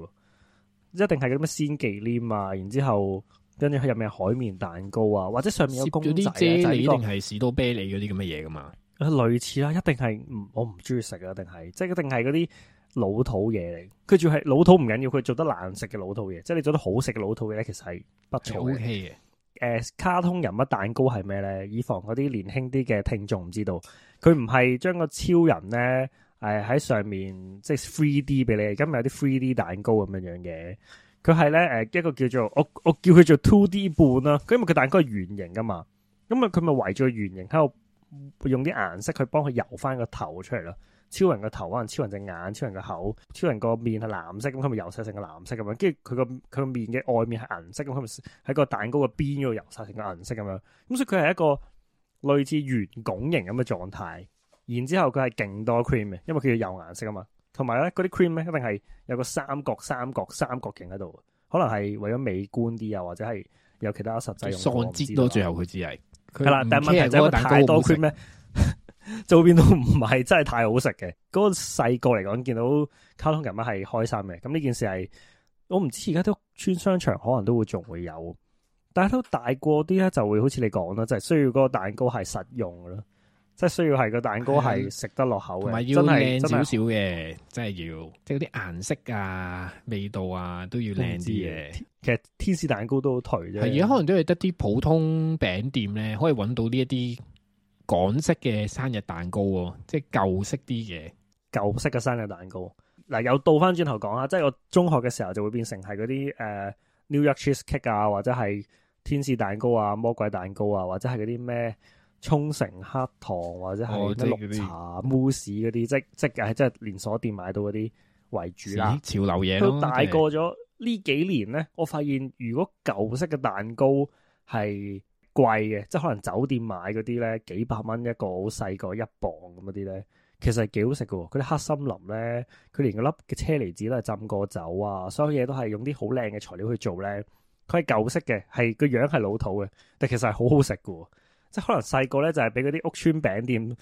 一定係嗰啲咩鮮忌廉啊，然之後跟住佢入面海綿蛋糕啊，或者上面有公仔啊，定係士多啤梨嗰啲咁嘅嘢噶嘛？類似啦，一定係我唔中意食啊，定係即係一定係嗰啲老土嘢嚟。佢仲係老土唔緊要，佢做得難食嘅老土嘢。即係你做得好食嘅老土嘢咧，其實係不錯嘅。誒、OK 呃，卡通人物蛋糕係咩咧？以防嗰啲年輕啲嘅聽眾唔知道，佢唔係將個超人咧。係喺上面，即係 three d 俾你，今日有啲 three d 蛋糕咁樣樣嘅，佢係咧，誒一個叫做我我叫佢做 two d 半啦，佢因為佢蛋糕係圓形噶嘛咁啊佢咪圍住個圓形喺度用啲顏色去幫佢游翻個頭出嚟啦，超人個頭可能超人隻眼、超人個口、超人個面係藍色，咁佢咪游晒成個藍色咁樣，跟住佢個佢個面嘅外面係銀色，咁佢咪喺個蛋糕個邊度游晒成個銀色咁樣，咁所以佢係一個類似圓拱形咁嘅狀態。然之後佢係勁多 cream 嘅，因為佢要有顏色啊嘛。同埋咧，嗰啲 cream 咧一定係有個三角、三角、三角形喺度，可能係為咗美觀啲啊，或者係有其他實際用的。直到最後佢只係係啦，但係問題就係、是、太多 cream 咧，變到都唔係真係太好食嘅。嗰、那個細個嚟講，見到卡通人物係開心嘅。咁呢件事係我唔知而家都村商場可能都會仲會有，但係都大過啲咧就會好似你講啦，就係、是、需要嗰個蛋糕係實用咯。即係需要係個蛋糕係食得落口嘅，同埋要靚少少嘅，真係要即係啲顏色啊、味道啊都要靚啲嘅。其實天使蛋糕都好頹啫。而家可能都係得啲普通餅店咧，可以揾到呢一啲港式嘅生日蛋糕喎，即係舊式啲嘅舊式嘅生日蛋糕。嗱，又倒翻轉頭講啊，即係我中學嘅時候就會變成係嗰啲誒 New York Cheesecake 啊，或者係天使蛋糕啊、魔鬼蛋糕啊，或者係嗰啲咩？沖繩黑糖或者係咩綠茶慕斯嗰啲，即即係即係連鎖店買到嗰啲為主啦、嗯。潮流嘢咯，大過咗呢幾年咧，我發現如果舊式嘅蛋糕係貴嘅，即係可能酒店買嗰啲咧，幾百蚊一個小，好細個一磅咁嗰啲咧，其實幾好食嘅。佢啲黑森林咧，佢連粒嘅車厘子都係浸過酒啊，所有嘢都係用啲好靚嘅材料去做咧。佢係舊式嘅，係個樣係老土嘅，但其實係好好食嘅。即係可能細個咧，就係俾嗰啲屋村餅店，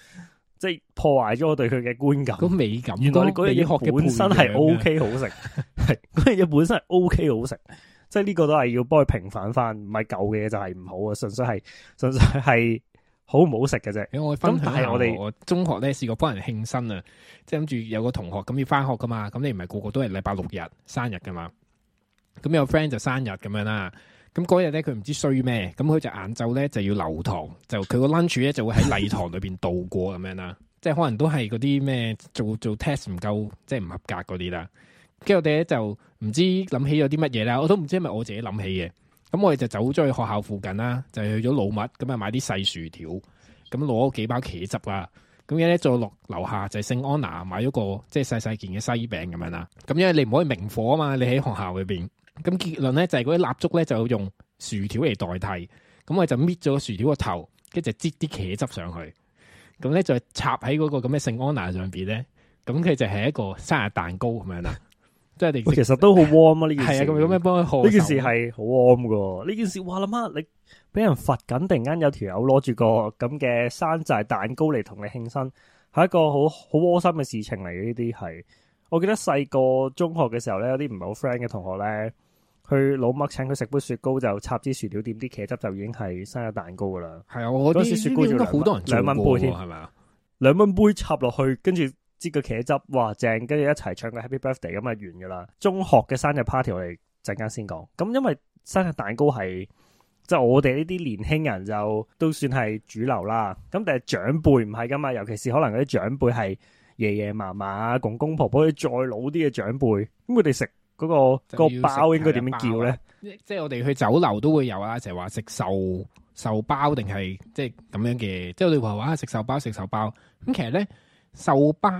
即係破壞咗我對佢嘅觀感、個美感。原來嗰樣嘢本身係 O K 好食，係嗰樣嘢本身係 O K 好食。即係呢個都係要幫佢平反翻，唔係舊嘅嘢就係唔好啊，純粹係純粹係好唔好食嘅啫。咁我分享下我，但我，我中學咧，試過幫人慶生啊，即係諗住有個同學咁要翻學噶嘛，咁你唔係個個都係禮拜六日生日噶嘛，咁有 friend 就生日咁樣啦。咁嗰日咧，佢唔知衰咩，咁佢就晏晝咧就要留堂，就佢個 lunch 咧就會喺禮堂裏邊度過咁樣啦。即係可能都係嗰啲咩做做 test 唔夠，即係唔合格嗰啲啦。跟住我哋咧就唔知諗起咗啲乜嘢啦，我都唔知係咪我自己諗起嘅。咁、嗯、我哋就走咗去學校附近啦，就去咗老麥咁啊買啲細薯條，咁攞幾包茄汁啊。咁樣咧再落樓下就聖安娜買咗個即係細細件嘅西餅咁樣啦。咁因為你唔可以明火啊嘛，你喺學校裏邊。咁結論咧就係嗰啲蠟燭咧就用薯條嚟代替，咁我就搣咗個薯條個頭，跟住就擠啲茄汁上去，咁咧就插喺嗰個咁嘅聖安娜上邊咧，咁佢就係一個生日蛋糕咁樣啦，即係你。我其實都好 warm 啊呢 件、件事。係啊，咁有咩幫佢。呢件事係好 warm 噶，呢件事話啦嘛，你俾人罰緊，突然間有條友攞住個咁嘅山寨蛋糕嚟同你慶生，係、嗯、一個好好窩心嘅事情嚟嘅，呢啲係。我記得細個中學嘅時候咧，有啲唔係好 friend 嘅同學咧，去老麥請佢食杯雪糕，就插支薯條店，點啲茄汁就已經係生日蛋糕噶啦。係啊，我、那、啲、個、雪雪糕應該好多人食過兩蚊杯添，係咪啊？兩蚊杯插落去，跟住擠個茄汁，哇正！跟住一齊唱個 Happy Birthday 咁啊，完噶啦。中學嘅生日 party 我哋陣間先講。咁因為生日蛋糕係即係我哋呢啲年輕人就都算係主流啦。咁但係長輩唔係噶嘛，尤其是可能嗰啲長輩係。爺爺嫲嫲公公婆婆啲再老啲嘅長輩，咁佢哋食嗰個、嗰個包應該點樣叫咧？即係我哋去酒樓都會有啊，成日話食壽壽包定係即係咁樣嘅，即係我哋話話食壽包食壽包。咁其實咧壽包，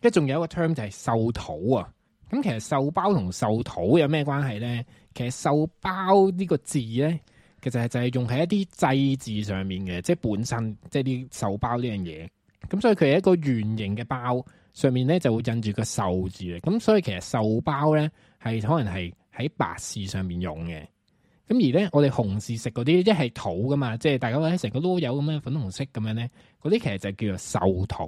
即仲有一個 term 就係壽桃啊。咁其實壽包同壽桃有咩關係咧？其實壽包呢個字咧，其實係就係用喺一啲祭祀上面嘅，即係本身即係啲壽包呢樣嘢。咁所以佢係一個圓形嘅包，上面咧就會印住個壽字嘅。咁所以其實壽包咧係可能係喺白事上面用嘅。咁而咧我哋紅事食嗰啲，即係桃㗎嘛，即係大家話成個籮柚咁樣粉紅色咁樣咧，嗰啲其實就叫做壽桃。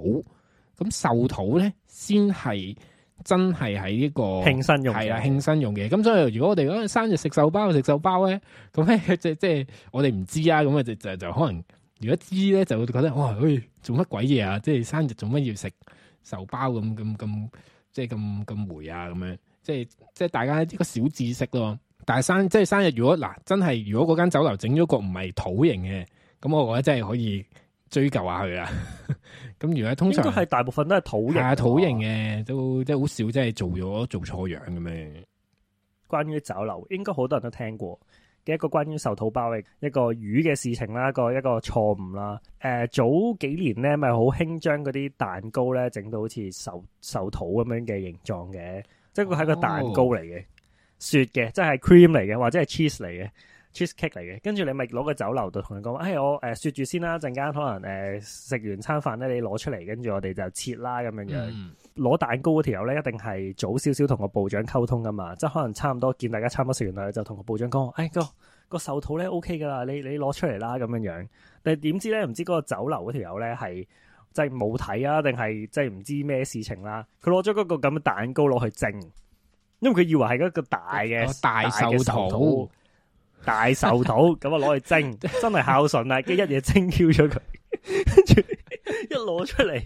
咁壽桃咧先係真係喺呢個慶生用嘅，係啦、啊、慶生用嘅。咁所以如果我哋嗰日生日食壽包，食壽包咧，咁咧即即我哋唔知啊，咁就就就可能。如果知咧就會覺得哇，喂，做乜鬼嘢啊？即係生日做乜要食壽包咁咁咁，即係咁咁悶啊咁樣，即係即係大家一個小知識咯。但係生即係生日如，如果嗱真係如果嗰間酒樓整咗個唔係土型嘅，咁我覺得真係可以追究下佢啦。咁 如果通常應該係大部分都係土型，係土型嘅都即係好少，即係做咗做錯樣咁樣。關於酒樓，應該好多人都聽過。嘅一個關於壽桃包嘅一個魚嘅事情啦，個一個錯誤啦。誒、呃、早幾年咧，咪好興將嗰啲蛋糕咧整到好似壽壽桃咁樣嘅形狀嘅，即係個係個蛋糕嚟嘅、哦，雪嘅，即係 cream 嚟嘅，或者係 cheese 嚟嘅，cheese cake 嚟嘅。跟住你咪攞個酒樓度同佢講，誒、哎、我誒雪住先啦，陣間可能誒食、呃、完餐飯咧，你攞出嚟，跟住我哋就切啦咁樣樣。嗯攞蛋糕嗰條友咧，一定係早少少同個部長溝通噶嘛，即係可能差唔多見大家差唔多食完啦，就同個部長講，誒、個、個壽桃咧 O K 噶啦，你你攞出嚟啦，咁樣樣。但係點知咧，唔知嗰個酒樓嗰條友咧係即係冇睇啊，定係即係唔知咩事情啦？佢攞咗嗰個咁嘅蛋糕攞去蒸，因為佢以為係一個大嘅大壽桃，大壽桃咁啊攞去蒸，真係孝順啊！跟 一嘢蒸嬌咗佢，跟住。 一攞出嚟，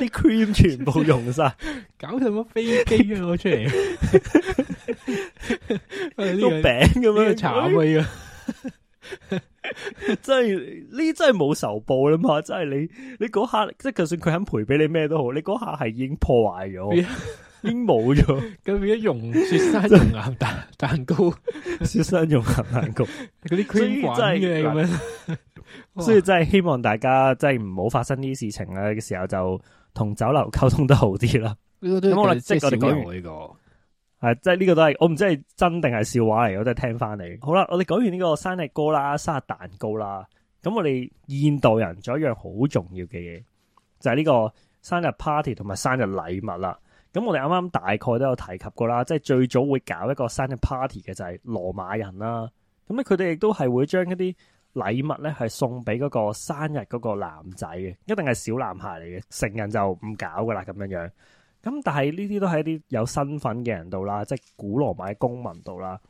啲 cream 全部用晒，搞成乜飛機啊！攞出嚟，呢 個餅咁樣慘啊！依 真係呢，真係冇仇報啦嘛！真係你你嗰下，即係就算佢肯賠俾你咩都好，你嗰下係已經破壞咗。 已經冇咗，咁變一融雪山熔岩蛋蛋糕，雪山熔岩蛋糕，嗰啲 cream 真嘅咁樣，所以真係 希望大家真係唔好發生呢啲事情嘅時候，就同酒樓溝通得好啲啦。咁我即係我哋講完呢個這，係即係呢個都係我唔知係真定係笑話嚟，我都係聽翻你。好啦，我哋講完呢個生日歌啦、生日蛋糕啦，咁我哋現代人做一樣好重要嘅嘢，就係、是、呢個生日 party 同埋生日禮物啦。嗯咁我哋啱啱大概都有提及過啦，即係最早會搞一個生日 party 嘅就係羅馬人啦。咁咧佢哋亦都係會將一啲禮物咧係送俾嗰個生日嗰個男仔嘅，一定係小男孩嚟嘅，成人就唔搞噶啦咁樣樣。咁但係呢啲都係一啲有身份嘅人度啦，即係古羅馬嘅公民度啦。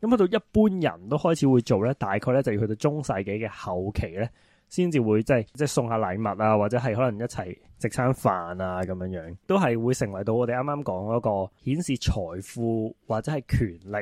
咁去到一般人都開始會做咧，大概咧就要去到中世紀嘅後期咧。先至會即係即係送下禮物啊，或者係可能一齊食餐飯啊咁樣樣，都係會成為到我哋啱啱講嗰個顯示財富或者係權力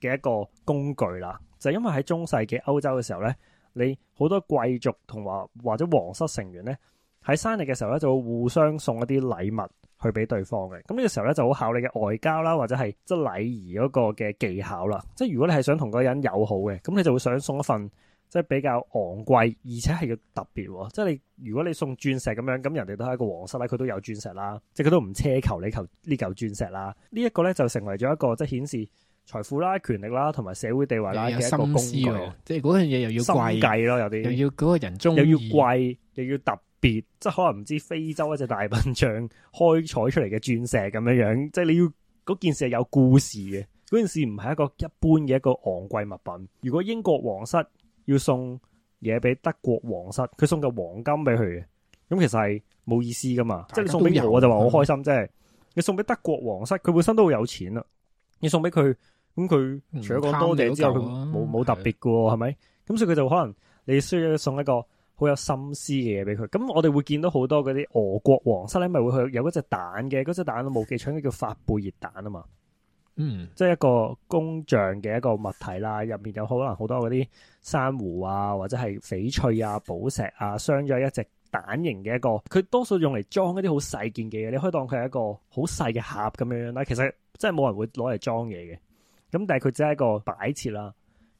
嘅一個工具啦。就係因為喺中世嘅歐洲嘅時候咧，你好多貴族同話或者皇室成員咧喺生日嘅時候咧就會互相送一啲禮物去俾對方嘅。咁呢個時候咧就好考你嘅外交啦，或者係即禮儀嗰個嘅技巧啦。即係如果你係想同個人友好嘅，咁你就會想送一份。即係比較昂貴，而且係要特別喎。即係你如果你送鑽石咁樣，咁人哋都係一個皇室啦，佢都有鑽石啦，即係佢都唔奢求你求呢嚿鑽石啦。這個、呢一個咧就成為咗一個即係顯示財富啦、權力啦同埋社會地位啦嘅一個工具。有有即係嗰樣嘢又要，要貴計咯，又啲又要嗰個人中又要貴，又要特別，即係可能唔知非洲一隻大笨象開採出嚟嘅鑽石咁樣樣，即係你要嗰件事係有故事嘅嗰件事，唔係一個一般嘅一個昂貴物品。如果英國皇室，要送嘢俾德國皇室，佢送個黃金俾佢嘅，咁其實係冇意思噶嘛，即係你送俾我我就話好開心，即係你送俾德國皇室，佢本身都好有錢啦，你送俾佢，咁佢除咗個多頂之後佢冇冇特別喎，係咪？咁所以佢就可能你需要送一個好有心思嘅嘢俾佢。咁我哋會見到好多嗰啲俄國皇室咧，咪會去有一隻蛋嘅，嗰隻蛋冇記錯嘅叫法貝熱蛋啊嘛。嗯，即係一個工匠嘅一個物體啦，入面有可能好多嗰啲珊瑚啊，或者係翡翠啊、寶石啊，鑲咗一隻蛋形嘅一個，佢多數用嚟裝一啲好細件嘅嘢，你可以當佢係一個好細嘅盒咁樣樣啦。其實真係冇人會攞嚟裝嘢嘅，咁但係佢只係一個擺設啦。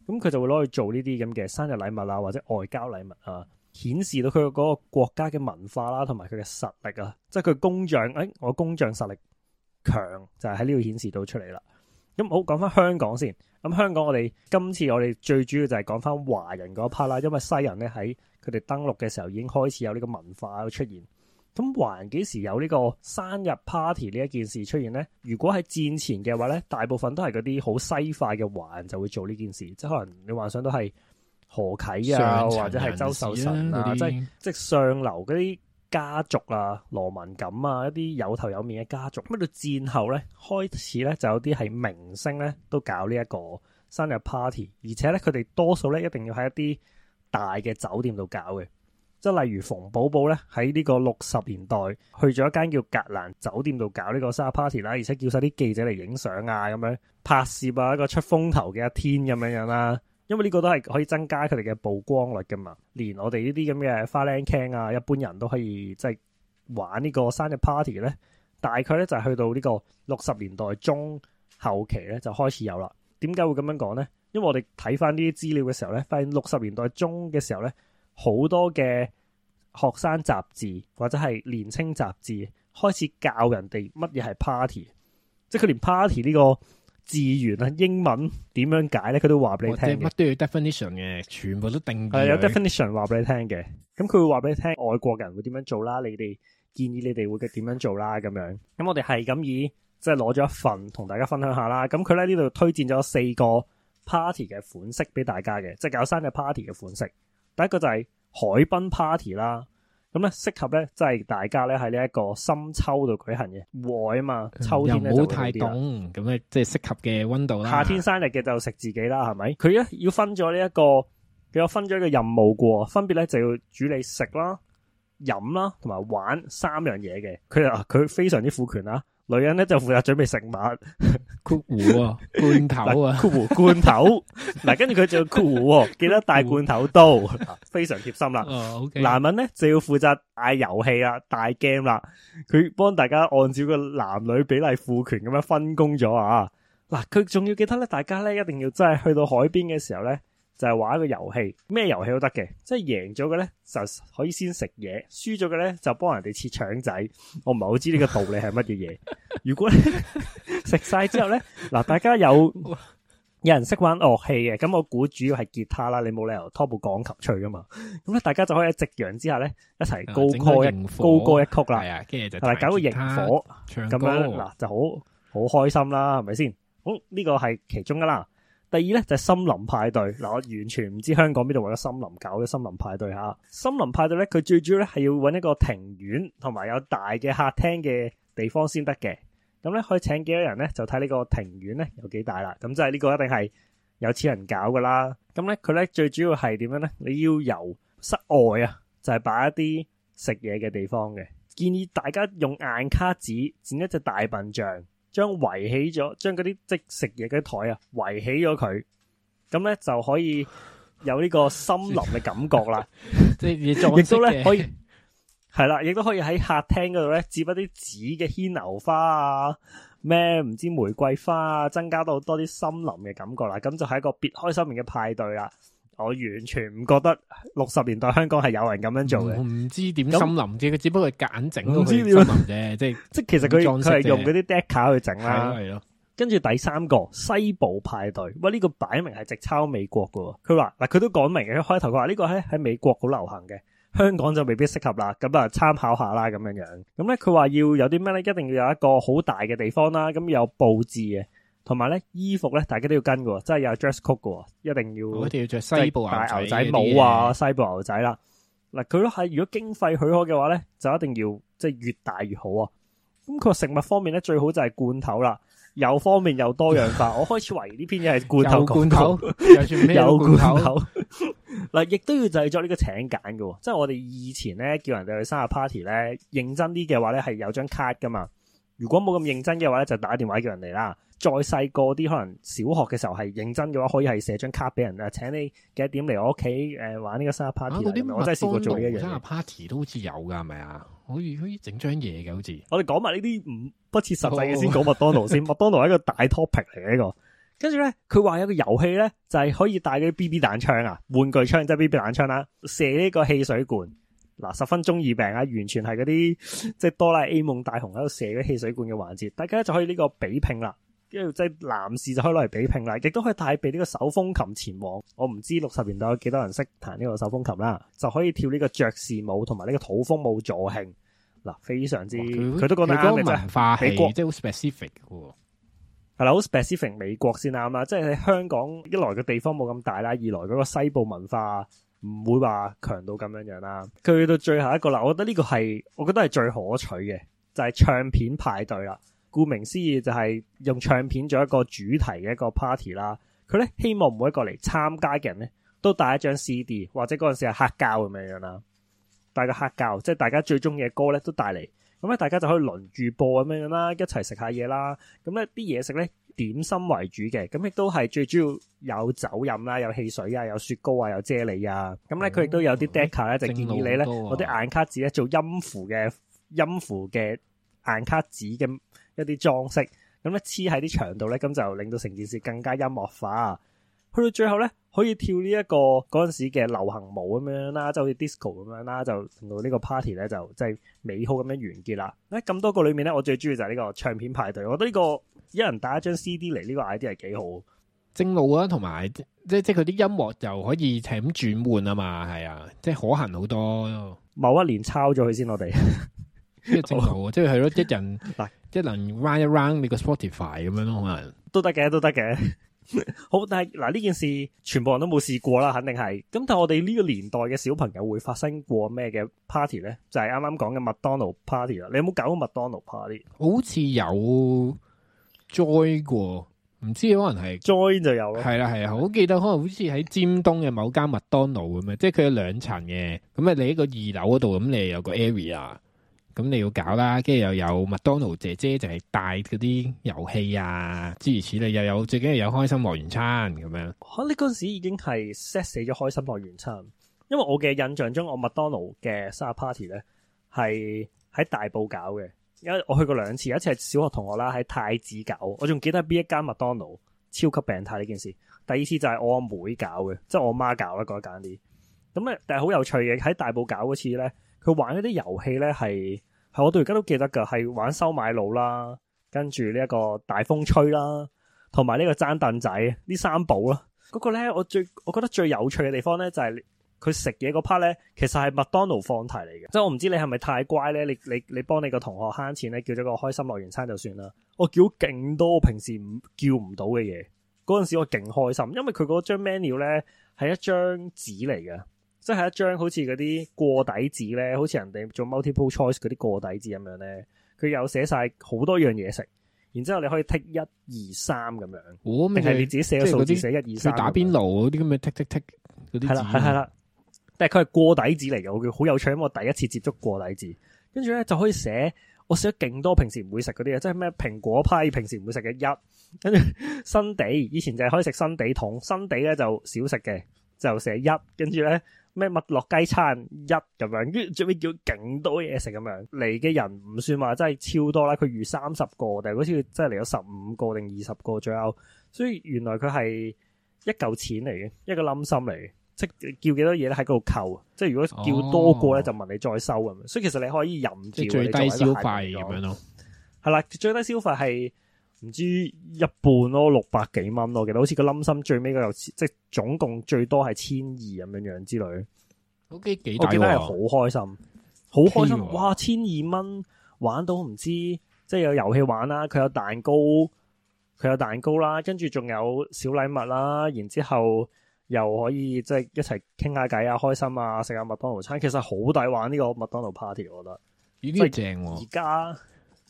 咁佢就會攞去做呢啲咁嘅生日禮物啊，或者外交禮物啊，顯示到佢嗰個國家嘅文化啦、啊，同埋佢嘅實力啊，即係佢工匠誒、哎，我工匠實力。強就係喺呢度顯示到出嚟啦。咁好講翻香港先。咁香港我哋今次我哋最主要就係講翻華人嗰一 part 啦。因為西人咧喺佢哋登陸嘅時候已經開始有呢個文化出現。咁華人幾時有呢個生日 party 呢一件事出現咧？如果係戰前嘅話咧，大部分都係嗰啲好西化嘅華人就會做呢件事。即係可能你幻想都係何啟啊，或者係周壽臣啊，即係即係上流嗰啲。家族啊，羅文錦啊，一啲有頭有面嘅家族。咁咪到戰後咧，開始咧就有啲係明星咧都搞呢一個生日 party，而且咧佢哋多數咧一定要喺一啲大嘅酒店度搞嘅，即係例如馮寶寶咧喺呢個六十年代去咗一間叫格蘭酒店度搞呢個生日 party 啦，而且叫晒啲記者嚟影相啊，咁樣拍攝啊，一個出風頭嘅一天咁樣樣啦。因為呢個都係可以增加佢哋嘅曝光率噶嘛，連我哋呢啲咁嘅花靚 can 啊，一般人都可以即係玩這個山呢個生日 party 咧。大概咧就係去到呢個六十年代中後期咧就開始有啦。點解會咁樣講咧？因為我哋睇翻呢啲資料嘅時候咧，發現六十年代中嘅時候咧，好多嘅學生雜誌或者係年青雜誌開始教人哋乜嘢係 party，即係佢連 party 呢個。字源、啊、英文點樣解咧？佢都話俾你聽，乜都要 definition 嘅，全部都定義。係有 definition 話俾你聽嘅，咁佢會話俾你聽，外國人會點樣做啦？你哋建議你哋會點樣做啦？咁樣，咁我哋係咁以即係攞咗一份同大家分享下啦。咁佢咧呢度推薦咗四個 party 嘅款式俾大家嘅，即係搞生日嘅 party 嘅款式。第一個就係海濱 party 啦。咁咧適合咧，即係大家咧喺呢一個深秋度舉行嘅會啊嘛，秋天咧就冇太凍，咁咧即係適合嘅溫度啦。夏天生日嘅就食自己啦，係咪？佢咧要分咗呢一個，佢有分咗一個任務過，分別咧就要煮你食啦、飲啦同埋玩三樣嘢嘅。佢啊，佢非常之賦權啦。女人咧就負責準備食物，括 啊、呃，罐頭啊、 呃、括、呃、弧、呃、罐頭，嗱、 呃、跟住佢仲括喎，記得帶罐頭刀，非常貼心啦、哦 okay。男人咧就要負責帶遊戲啊，帶 game 啦，佢幫大家按照個男女比例賦權咁樣分工咗啊。嗱、呃，佢仲要記得咧，大家咧一定要真係去到海邊嘅時候咧。就係、是、玩一個遊戲，咩遊戲都得嘅，即係贏咗嘅咧就可以先食嘢，輸咗嘅咧就幫人哋切腸仔。我唔係好知呢個道理係乜嘢嘢。 如果食呢晒 之後咧，嗱，大家有 有人識玩樂器嘅，咁我估主要係吉他啦，你冇理由拖部鋼琴出去噶嘛。咁咧大家就可以喺夕陽之下咧一齊高歌一高歌一曲啦，跟住就搞個螢火，咁、啊、樣嗱就好好開心啦，係咪先？好，呢個係其中噶啦。第二咧就係森林派對嗱，我完全唔知香港邊度為咗森林搞嘅森林派對嚇。森林派對咧，佢最主要咧係要搵一個庭園同埋有大嘅客廳嘅地方先得嘅。咁咧可以請幾多人咧，就睇呢個庭園咧有幾大啦。咁即係呢個一定係有錢人搞噶啦。咁咧佢咧最主要係點樣咧？你要由室外啊，就係擺一啲食嘢嘅地方嘅。建議大家用硬卡紙剪一隻大笨象。將圍起咗，將嗰啲即食嘢嘅台啊圍起咗佢，咁咧就可以有呢個森林嘅感覺啦。亦都咧可以係啦，亦都可以喺 客廳嗰度咧接一啲紫嘅牽牛花啊，咩唔知玫瑰花啊，增加到多啲森林嘅感覺啦。咁就係一個別開生面嘅派對啦。我完全唔覺得六十年代香港係有人咁樣做嘅、嗯，唔知點森林啫，佢只不過係夾硬整資料啫， 即係即係其實佢係用嗰啲 data 去整啦。係跟住第三個西部派對，喂，呢、這個擺明係直抄美國噶，佢話嗱佢都講明嘅，一開頭佢話呢個喺喺美國好流行嘅，香港就未必適合啦，咁啊參考下啦咁樣樣，咁咧佢話要有啲咩咧，一定要有一個好大嘅地方啦，咁有佈置嘅。同埋咧，衣服咧，大家都要跟喎。即係有 dress code 喎，一定要我一定要着西部牛仔，牛仔帽啊，西部牛仔啦嗱。佢都係如果經費許可嘅話咧，就一定要即係越大越好啊。咁佢食物方面咧，最好就係罐頭啦，又方便又多樣化。 我開始懷疑呢篇嘢係罐頭 罐頭， 有罐頭嗱？亦 都罐頭 要製作呢個請柬喎。即係我哋以前咧叫人哋去生日 party 咧認真啲嘅話咧係有張 card 噶嘛。如果冇咁認真嘅話咧，就打電話叫人哋啦。再細個啲，可能小學嘅時候係認真嘅話，可以係寫張卡俾人誒，請你幾點嚟我屋企誒玩呢個生日 party。我真係試過做一樣、啊、麥當勞生日 party 都好似有㗎，係咪啊？可以可以整張嘢嘅好似。我哋講埋呢啲唔不切實際嘅、哦、先，講麥當勞先。 麥當勞係一個大 topic 嚟，嘅。呢個跟住咧，佢話有個遊戲咧，就係、是、可以帶嗰啲 BB 彈槍啊，玩具槍即係、就是、BB 彈槍啦、啊，射呢個汽水罐。嗱、啊，十分中二病啊，完全係嗰啲即係哆啦 A 夢大雄喺度射嗰汽水罐嘅環節，大家就可以呢個比拼啦。即係男士就可以攞嚟比拼啦，亦都可以帶備呢個手風琴前往。我唔知六十年代有幾多人識彈呢個手風琴啦，就可以跳呢個爵士舞同埋呢個土風舞助興。嗱，非常之佢都、哦、覺得呢個文化係即係好 specific 嘅。係啦，好 specific 美國先啦，即係喺香港一來個地方冇咁大啦，二來嗰個西部文化唔會話強到咁樣樣啦。去到最後一個啦，我覺得呢個係我覺得係最可取嘅，就係、是、唱片派對啦。顧名思義就係用唱片做一個主題嘅一個 party 啦。佢咧希望每一個嚟參加嘅人咧都帶一張 CD 或者嗰陣時係黑膠咁樣樣啦，帶個黑膠，即係大家最鍾意嘅歌咧都帶嚟，咁咧大家就可以輪住播咁樣樣啦，一齊食下嘢啦。咁咧啲嘢食咧點心為主嘅，咁亦都係最主要有酒飲啦，有汽水啊，有雪糕啊，有啫喱啊。咁咧佢亦都有啲 deca 咧，就建議你咧攞啲硬卡紙咧做音符嘅音符嘅硬卡紙嘅。一啲裝飾，咁咧黐喺啲牆度咧，咁就令到成件事更加音樂化。去到最後咧，可以跳呢一個嗰陣時嘅流行舞咁樣啦，就好似 disco 咁樣啦，就令到呢個 party 咧就即係美好咁樣完結啦。喺咁多個裏面咧，我最中意就係呢個唱片派對。我覺得呢個一人打一張 CD 嚟呢個 idea 係幾好。正路啊，同埋即即佢啲音樂就可以係咁轉換啊嘛，係啊，即係可行好多、哦。某一年抄咗佢先，我哋。即係正好啊， 即係係咯， 一陣嗱，一能 run 一 run o d 你、like、個 Spotify 咁樣咯，可能都得嘅，都得嘅。 好，但係嗱呢件事，全部人都冇試過啦，肯定係。咁但係我哋呢個年代嘅小朋友會發生過咩嘅 party 咧？就係啱啱講嘅麥當勞 party 啦。你有冇搞過麥當勞 party？好似有 join 過，唔知可能係 join 就有咯。係啦係啊，我記得，可能，可能好似喺尖東嘅某間麥當勞咁樣，即係佢有兩層嘅，咁啊你喺個二樓嗰度，咁你有個 area。咁你要搞啦，跟住又有麥當勞姐姐淨係帶嗰啲遊戲啊，諸如此類，又有最緊要有開心樂園餐咁樣。可能嗰陣時已經係 set 死咗開心樂園餐，因為我嘅印象中我麥呢，我麥當勞嘅生日 party 咧係喺大埔搞嘅。因為我去過兩次，一次係小學同學啦喺太子搞，我仲記得邊一間麥當勞超級病態呢件事。第二次就係我阿妹搞嘅，即係我媽搞啦，講得簡單啲。咁咧但係好有趣嘅喺大埔搞嗰次咧。佢玩嗰啲遊戲咧，係係我到而家都記得㗎，係玩收買佬啦，跟住呢一個大風吹啦，同埋、那個、呢個爭凳仔呢三寶啦。嗰個咧，我最我覺得最有趣嘅地方咧，就係佢食嘢嗰 part 咧，其實係麥當勞放題嚟嘅，即係我唔知你係咪太乖咧，你你你幫你個同學慳錢咧，叫咗個開心樂園餐就算啦。我叫勁多平時唔叫唔到嘅嘢，嗰陣時我勁開心，因為佢嗰張 menu 咧係一張紙嚟嘅。即係一張好似嗰啲過底紙咧，好似人哋做 multiple choice 嗰啲過底紙咁樣咧，佢有寫晒好多樣嘢食，然之後你可以剔一二三咁樣，定、哦、係你自己寫個數字寫一二三。你打邊爐嗰啲咁嘅剔剔剔嗰啲。係啦係啦，但係佢係過底紙嚟嘅，我好有趣，我第一次接觸過底紙，跟住咧就可以寫，我寫咗勁多平時唔會食嗰啲嘢，即係咩蘋果批平時唔會食嘅一，跟住新地，以前就係可以食新地桶，新地咧就少食嘅，就寫一，跟住咧。咩麥樂雞餐一咁樣，跟住最尾叫勁多嘢食咁樣嚟嘅人唔算話真係超多啦，佢預三十個，但係好似真係嚟咗十五個定二十個左右，所以原來佢係一嚿錢嚟嘅，一個冧心嚟嘅，即叫幾多嘢咧喺嗰度扣，即係如果叫多個咧就問你再收咁樣，哦，所以其實你可以任叫，最低消費咁樣咯，係啦，最低消費係。唔知一半咯，六百幾蚊咯，其實好似個冧心最尾嗰又即係總共最多係千二咁樣樣之類。OK，幾大我記得係好開心，好開心！Okay. 哇，千二蚊玩到唔知，即係有遊戲玩啦，佢有蛋糕，佢有蛋糕啦，跟住仲有小禮物啦，然之後又可以即係一齊傾下偈啊，開心啊，食下麥當勞餐，其實好抵玩呢，這個麥當勞 party，我覺得。呢啲正而、啊、家。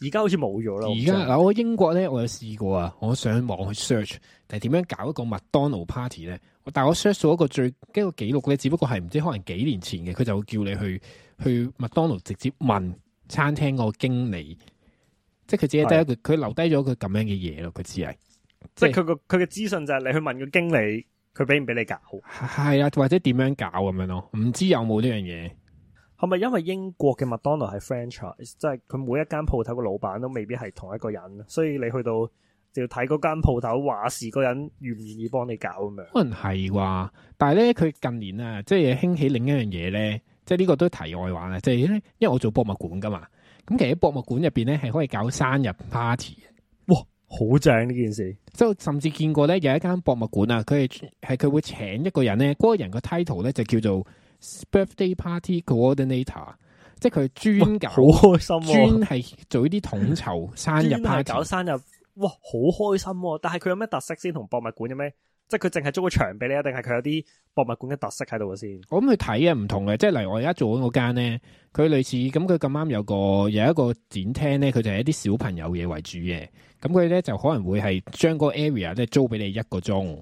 而家好似冇咗咯。而家嗱，我在英國咧，我有試過啊。我上網去 search，就點樣搞一個麥當勞 party 咧？但係我 search 到一個最一個記錄咧，只不過係唔知可能幾年前嘅，佢就會叫你去去麥當勞直接問餐廳個經理，即係佢只係得佢，佢留低咗佢咁樣嘅嘢咯。佢只係即係佢個佢嘅資訊就係你去問個經理，佢俾唔俾你搞？係啊，或者點樣搞咁樣咯？唔知有冇呢樣嘢？係咪因為英國嘅麥當勞係 franchise，即係佢每一間鋪頭嘅老闆都未必係同一個人，所以你去到就要睇嗰間鋪頭話事個人願唔願意幫你搞咁樣？可能係啩，但係咧佢近年啊，即係興起另一樣嘢咧，即係呢個都題外話啦。即係咧，因為我做博物館㗎嘛，咁其實喺博物館入邊咧係可以搞生日 party 嘅。哇，好正呢件事！就甚至見過咧，有一間博物館啊，佢係佢會請一個人咧，嗰個人個 title 咧就叫做 Birthday party coordinator，即係佢專搞，好開心專係做呢啲統籌生日派對，搞 生日，哇，好開心啊。但係佢有咩特、特色先？同博物館有咩？即係佢淨係租個場俾你啊？定係佢有啲博物館嘅特色喺度先？我諗去睇嘅唔同嘅。即係例如我而家做緊嗰間咧，佢類似咁，佢咁啱有個有一個展廳咧，佢就係一啲小朋友嘢為主嘅。咁佢咧就可能會係將個 area 咧租俾你一個鐘。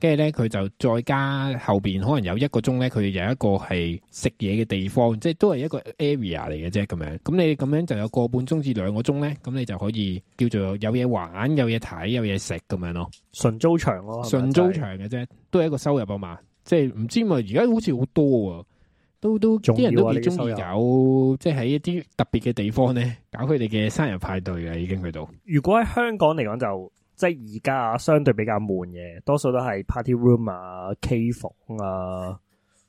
跟住咧，佢就再加後邊可能有一個鐘咧，佢有一個係食嘢嘅地方，即係都係一個 area 嚟嘅啫咁樣。咁你咁樣就有個半鐘至兩個鐘咧，咁你就可以叫做有嘢玩、有嘢睇、有嘢食咁樣咯。純租場咯，哦，純租場嘅啫，就是，都係一個收入啊，就是、嘛。即係唔知嘛，而家好似好多啊，都都啲人都幾中意搞，即係喺一啲特別嘅地方咧搞佢哋嘅生日派對啊，已經去到。如果喺香港嚟講就。即係而家相對比較悶嘅，多數都係 party room 啊、K 房啊，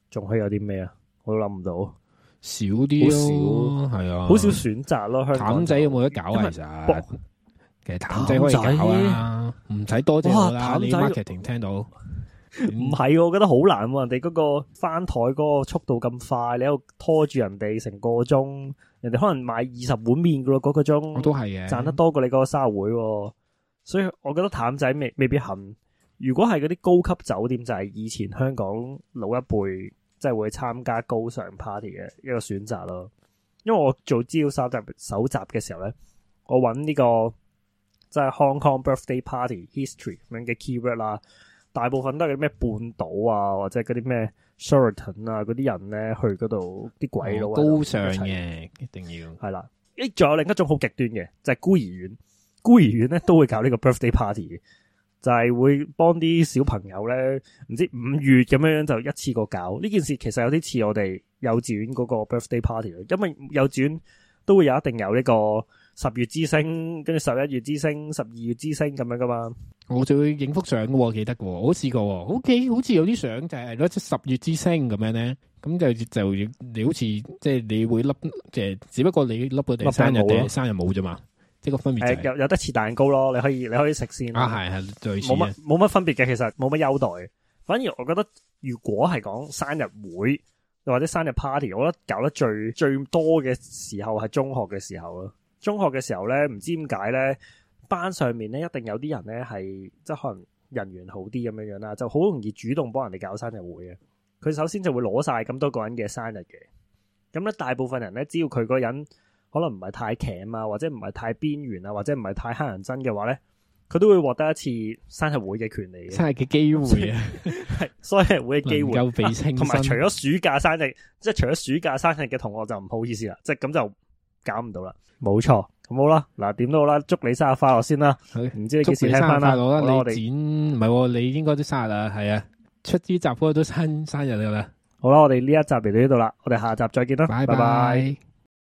仲可以有啲咩啊？我都諗唔到，少啲咯，係啊，好少，、啊、少選擇咯、啊。譚仔有冇得搞啊？其實譚仔可以搞啊，唔使多謝啦。譚、啊、仔你 marketing 聽到？唔係、啊，我覺得好難、啊。人哋嗰個翻台嗰個速度咁快，你喺度拖住人哋成個鐘，人哋可能買二十碗麵噶咯，嗰、那個鐘我都係嘅，賺得多過你嗰個沙會、啊。所以我覺得譚仔未未必肯。如果係嗰啲高級酒店，就係、是、以前香港老一輩即係會參加高尚 party 嘅一個選擇咯。因為我做資料搜集搜集嘅時候咧，我揾呢、這個即係、就是、Hong Kong birthday party history 咁樣嘅 keyword 啦，大部分都係啲咩半島啊，或者嗰啲咩 Sheraton 啊嗰啲人咧去嗰度啲鬼佬、哦、高尚嘅，一定要係啦。咦，仲有另一種好極端嘅就係、是、孤兒院。孤兒院咧都會搞呢個 birthday party 嘅，就係會幫啲小朋友咧，唔知五月咁樣樣就一次過搞呢件事，其實有啲似我哋幼稚園嗰個 birthday party，因為幼稚園都會有一定有呢個十月之星，跟住十一月之星，十二月之星咁樣噶嘛。我就會影幅相嘅，我記得嘅，OK, 好似過，O K，好似有啲相就係攞即十月之星咁樣咧，咁就就你好似即係你會笠，即係只不過你笠個第三日嘅，生日冇啫嘛。即、這個分別、就是哎，有有得切蛋糕咯，你可以你可以食先啊，係係最先冇乜冇乜分別嘅，其實冇乜優待。反而我覺得，如果係講生日會或者生日 party，我覺得搞得最最多嘅時候係中學嘅時候咯。中學嘅時候咧，唔知點解咧，班上面咧一定有啲人咧係即係可能人緣好啲咁樣樣啦，就好容易主動幫人哋搞生日會嘅。佢首先就會攞晒咁多個人嘅生日嘅，咁咧大部分人咧，只要佢個人。可能唔係太強啊，或者唔係太邊緣啊，或者唔係太乞人憎嘅話咧，佢都會獲得一次生日會嘅權利嘅生日嘅機會啊，係 生日會嘅機會。同埋、啊、除咗暑假生日，即係除咗暑假生日嘅同學就唔好意思啦，即係咁就搞唔到啦。冇錯，咁好啦。嗱，點都好啦，祝你生日快樂先啦。唔知你幾時聽翻啦。你剪唔係、啊？你應該都生日啦係啊，出呢集我都生生日了啦。好啦，啊，我哋呢一集嚟到呢度啦，我哋下集再見啦，拜拜。Bye bye。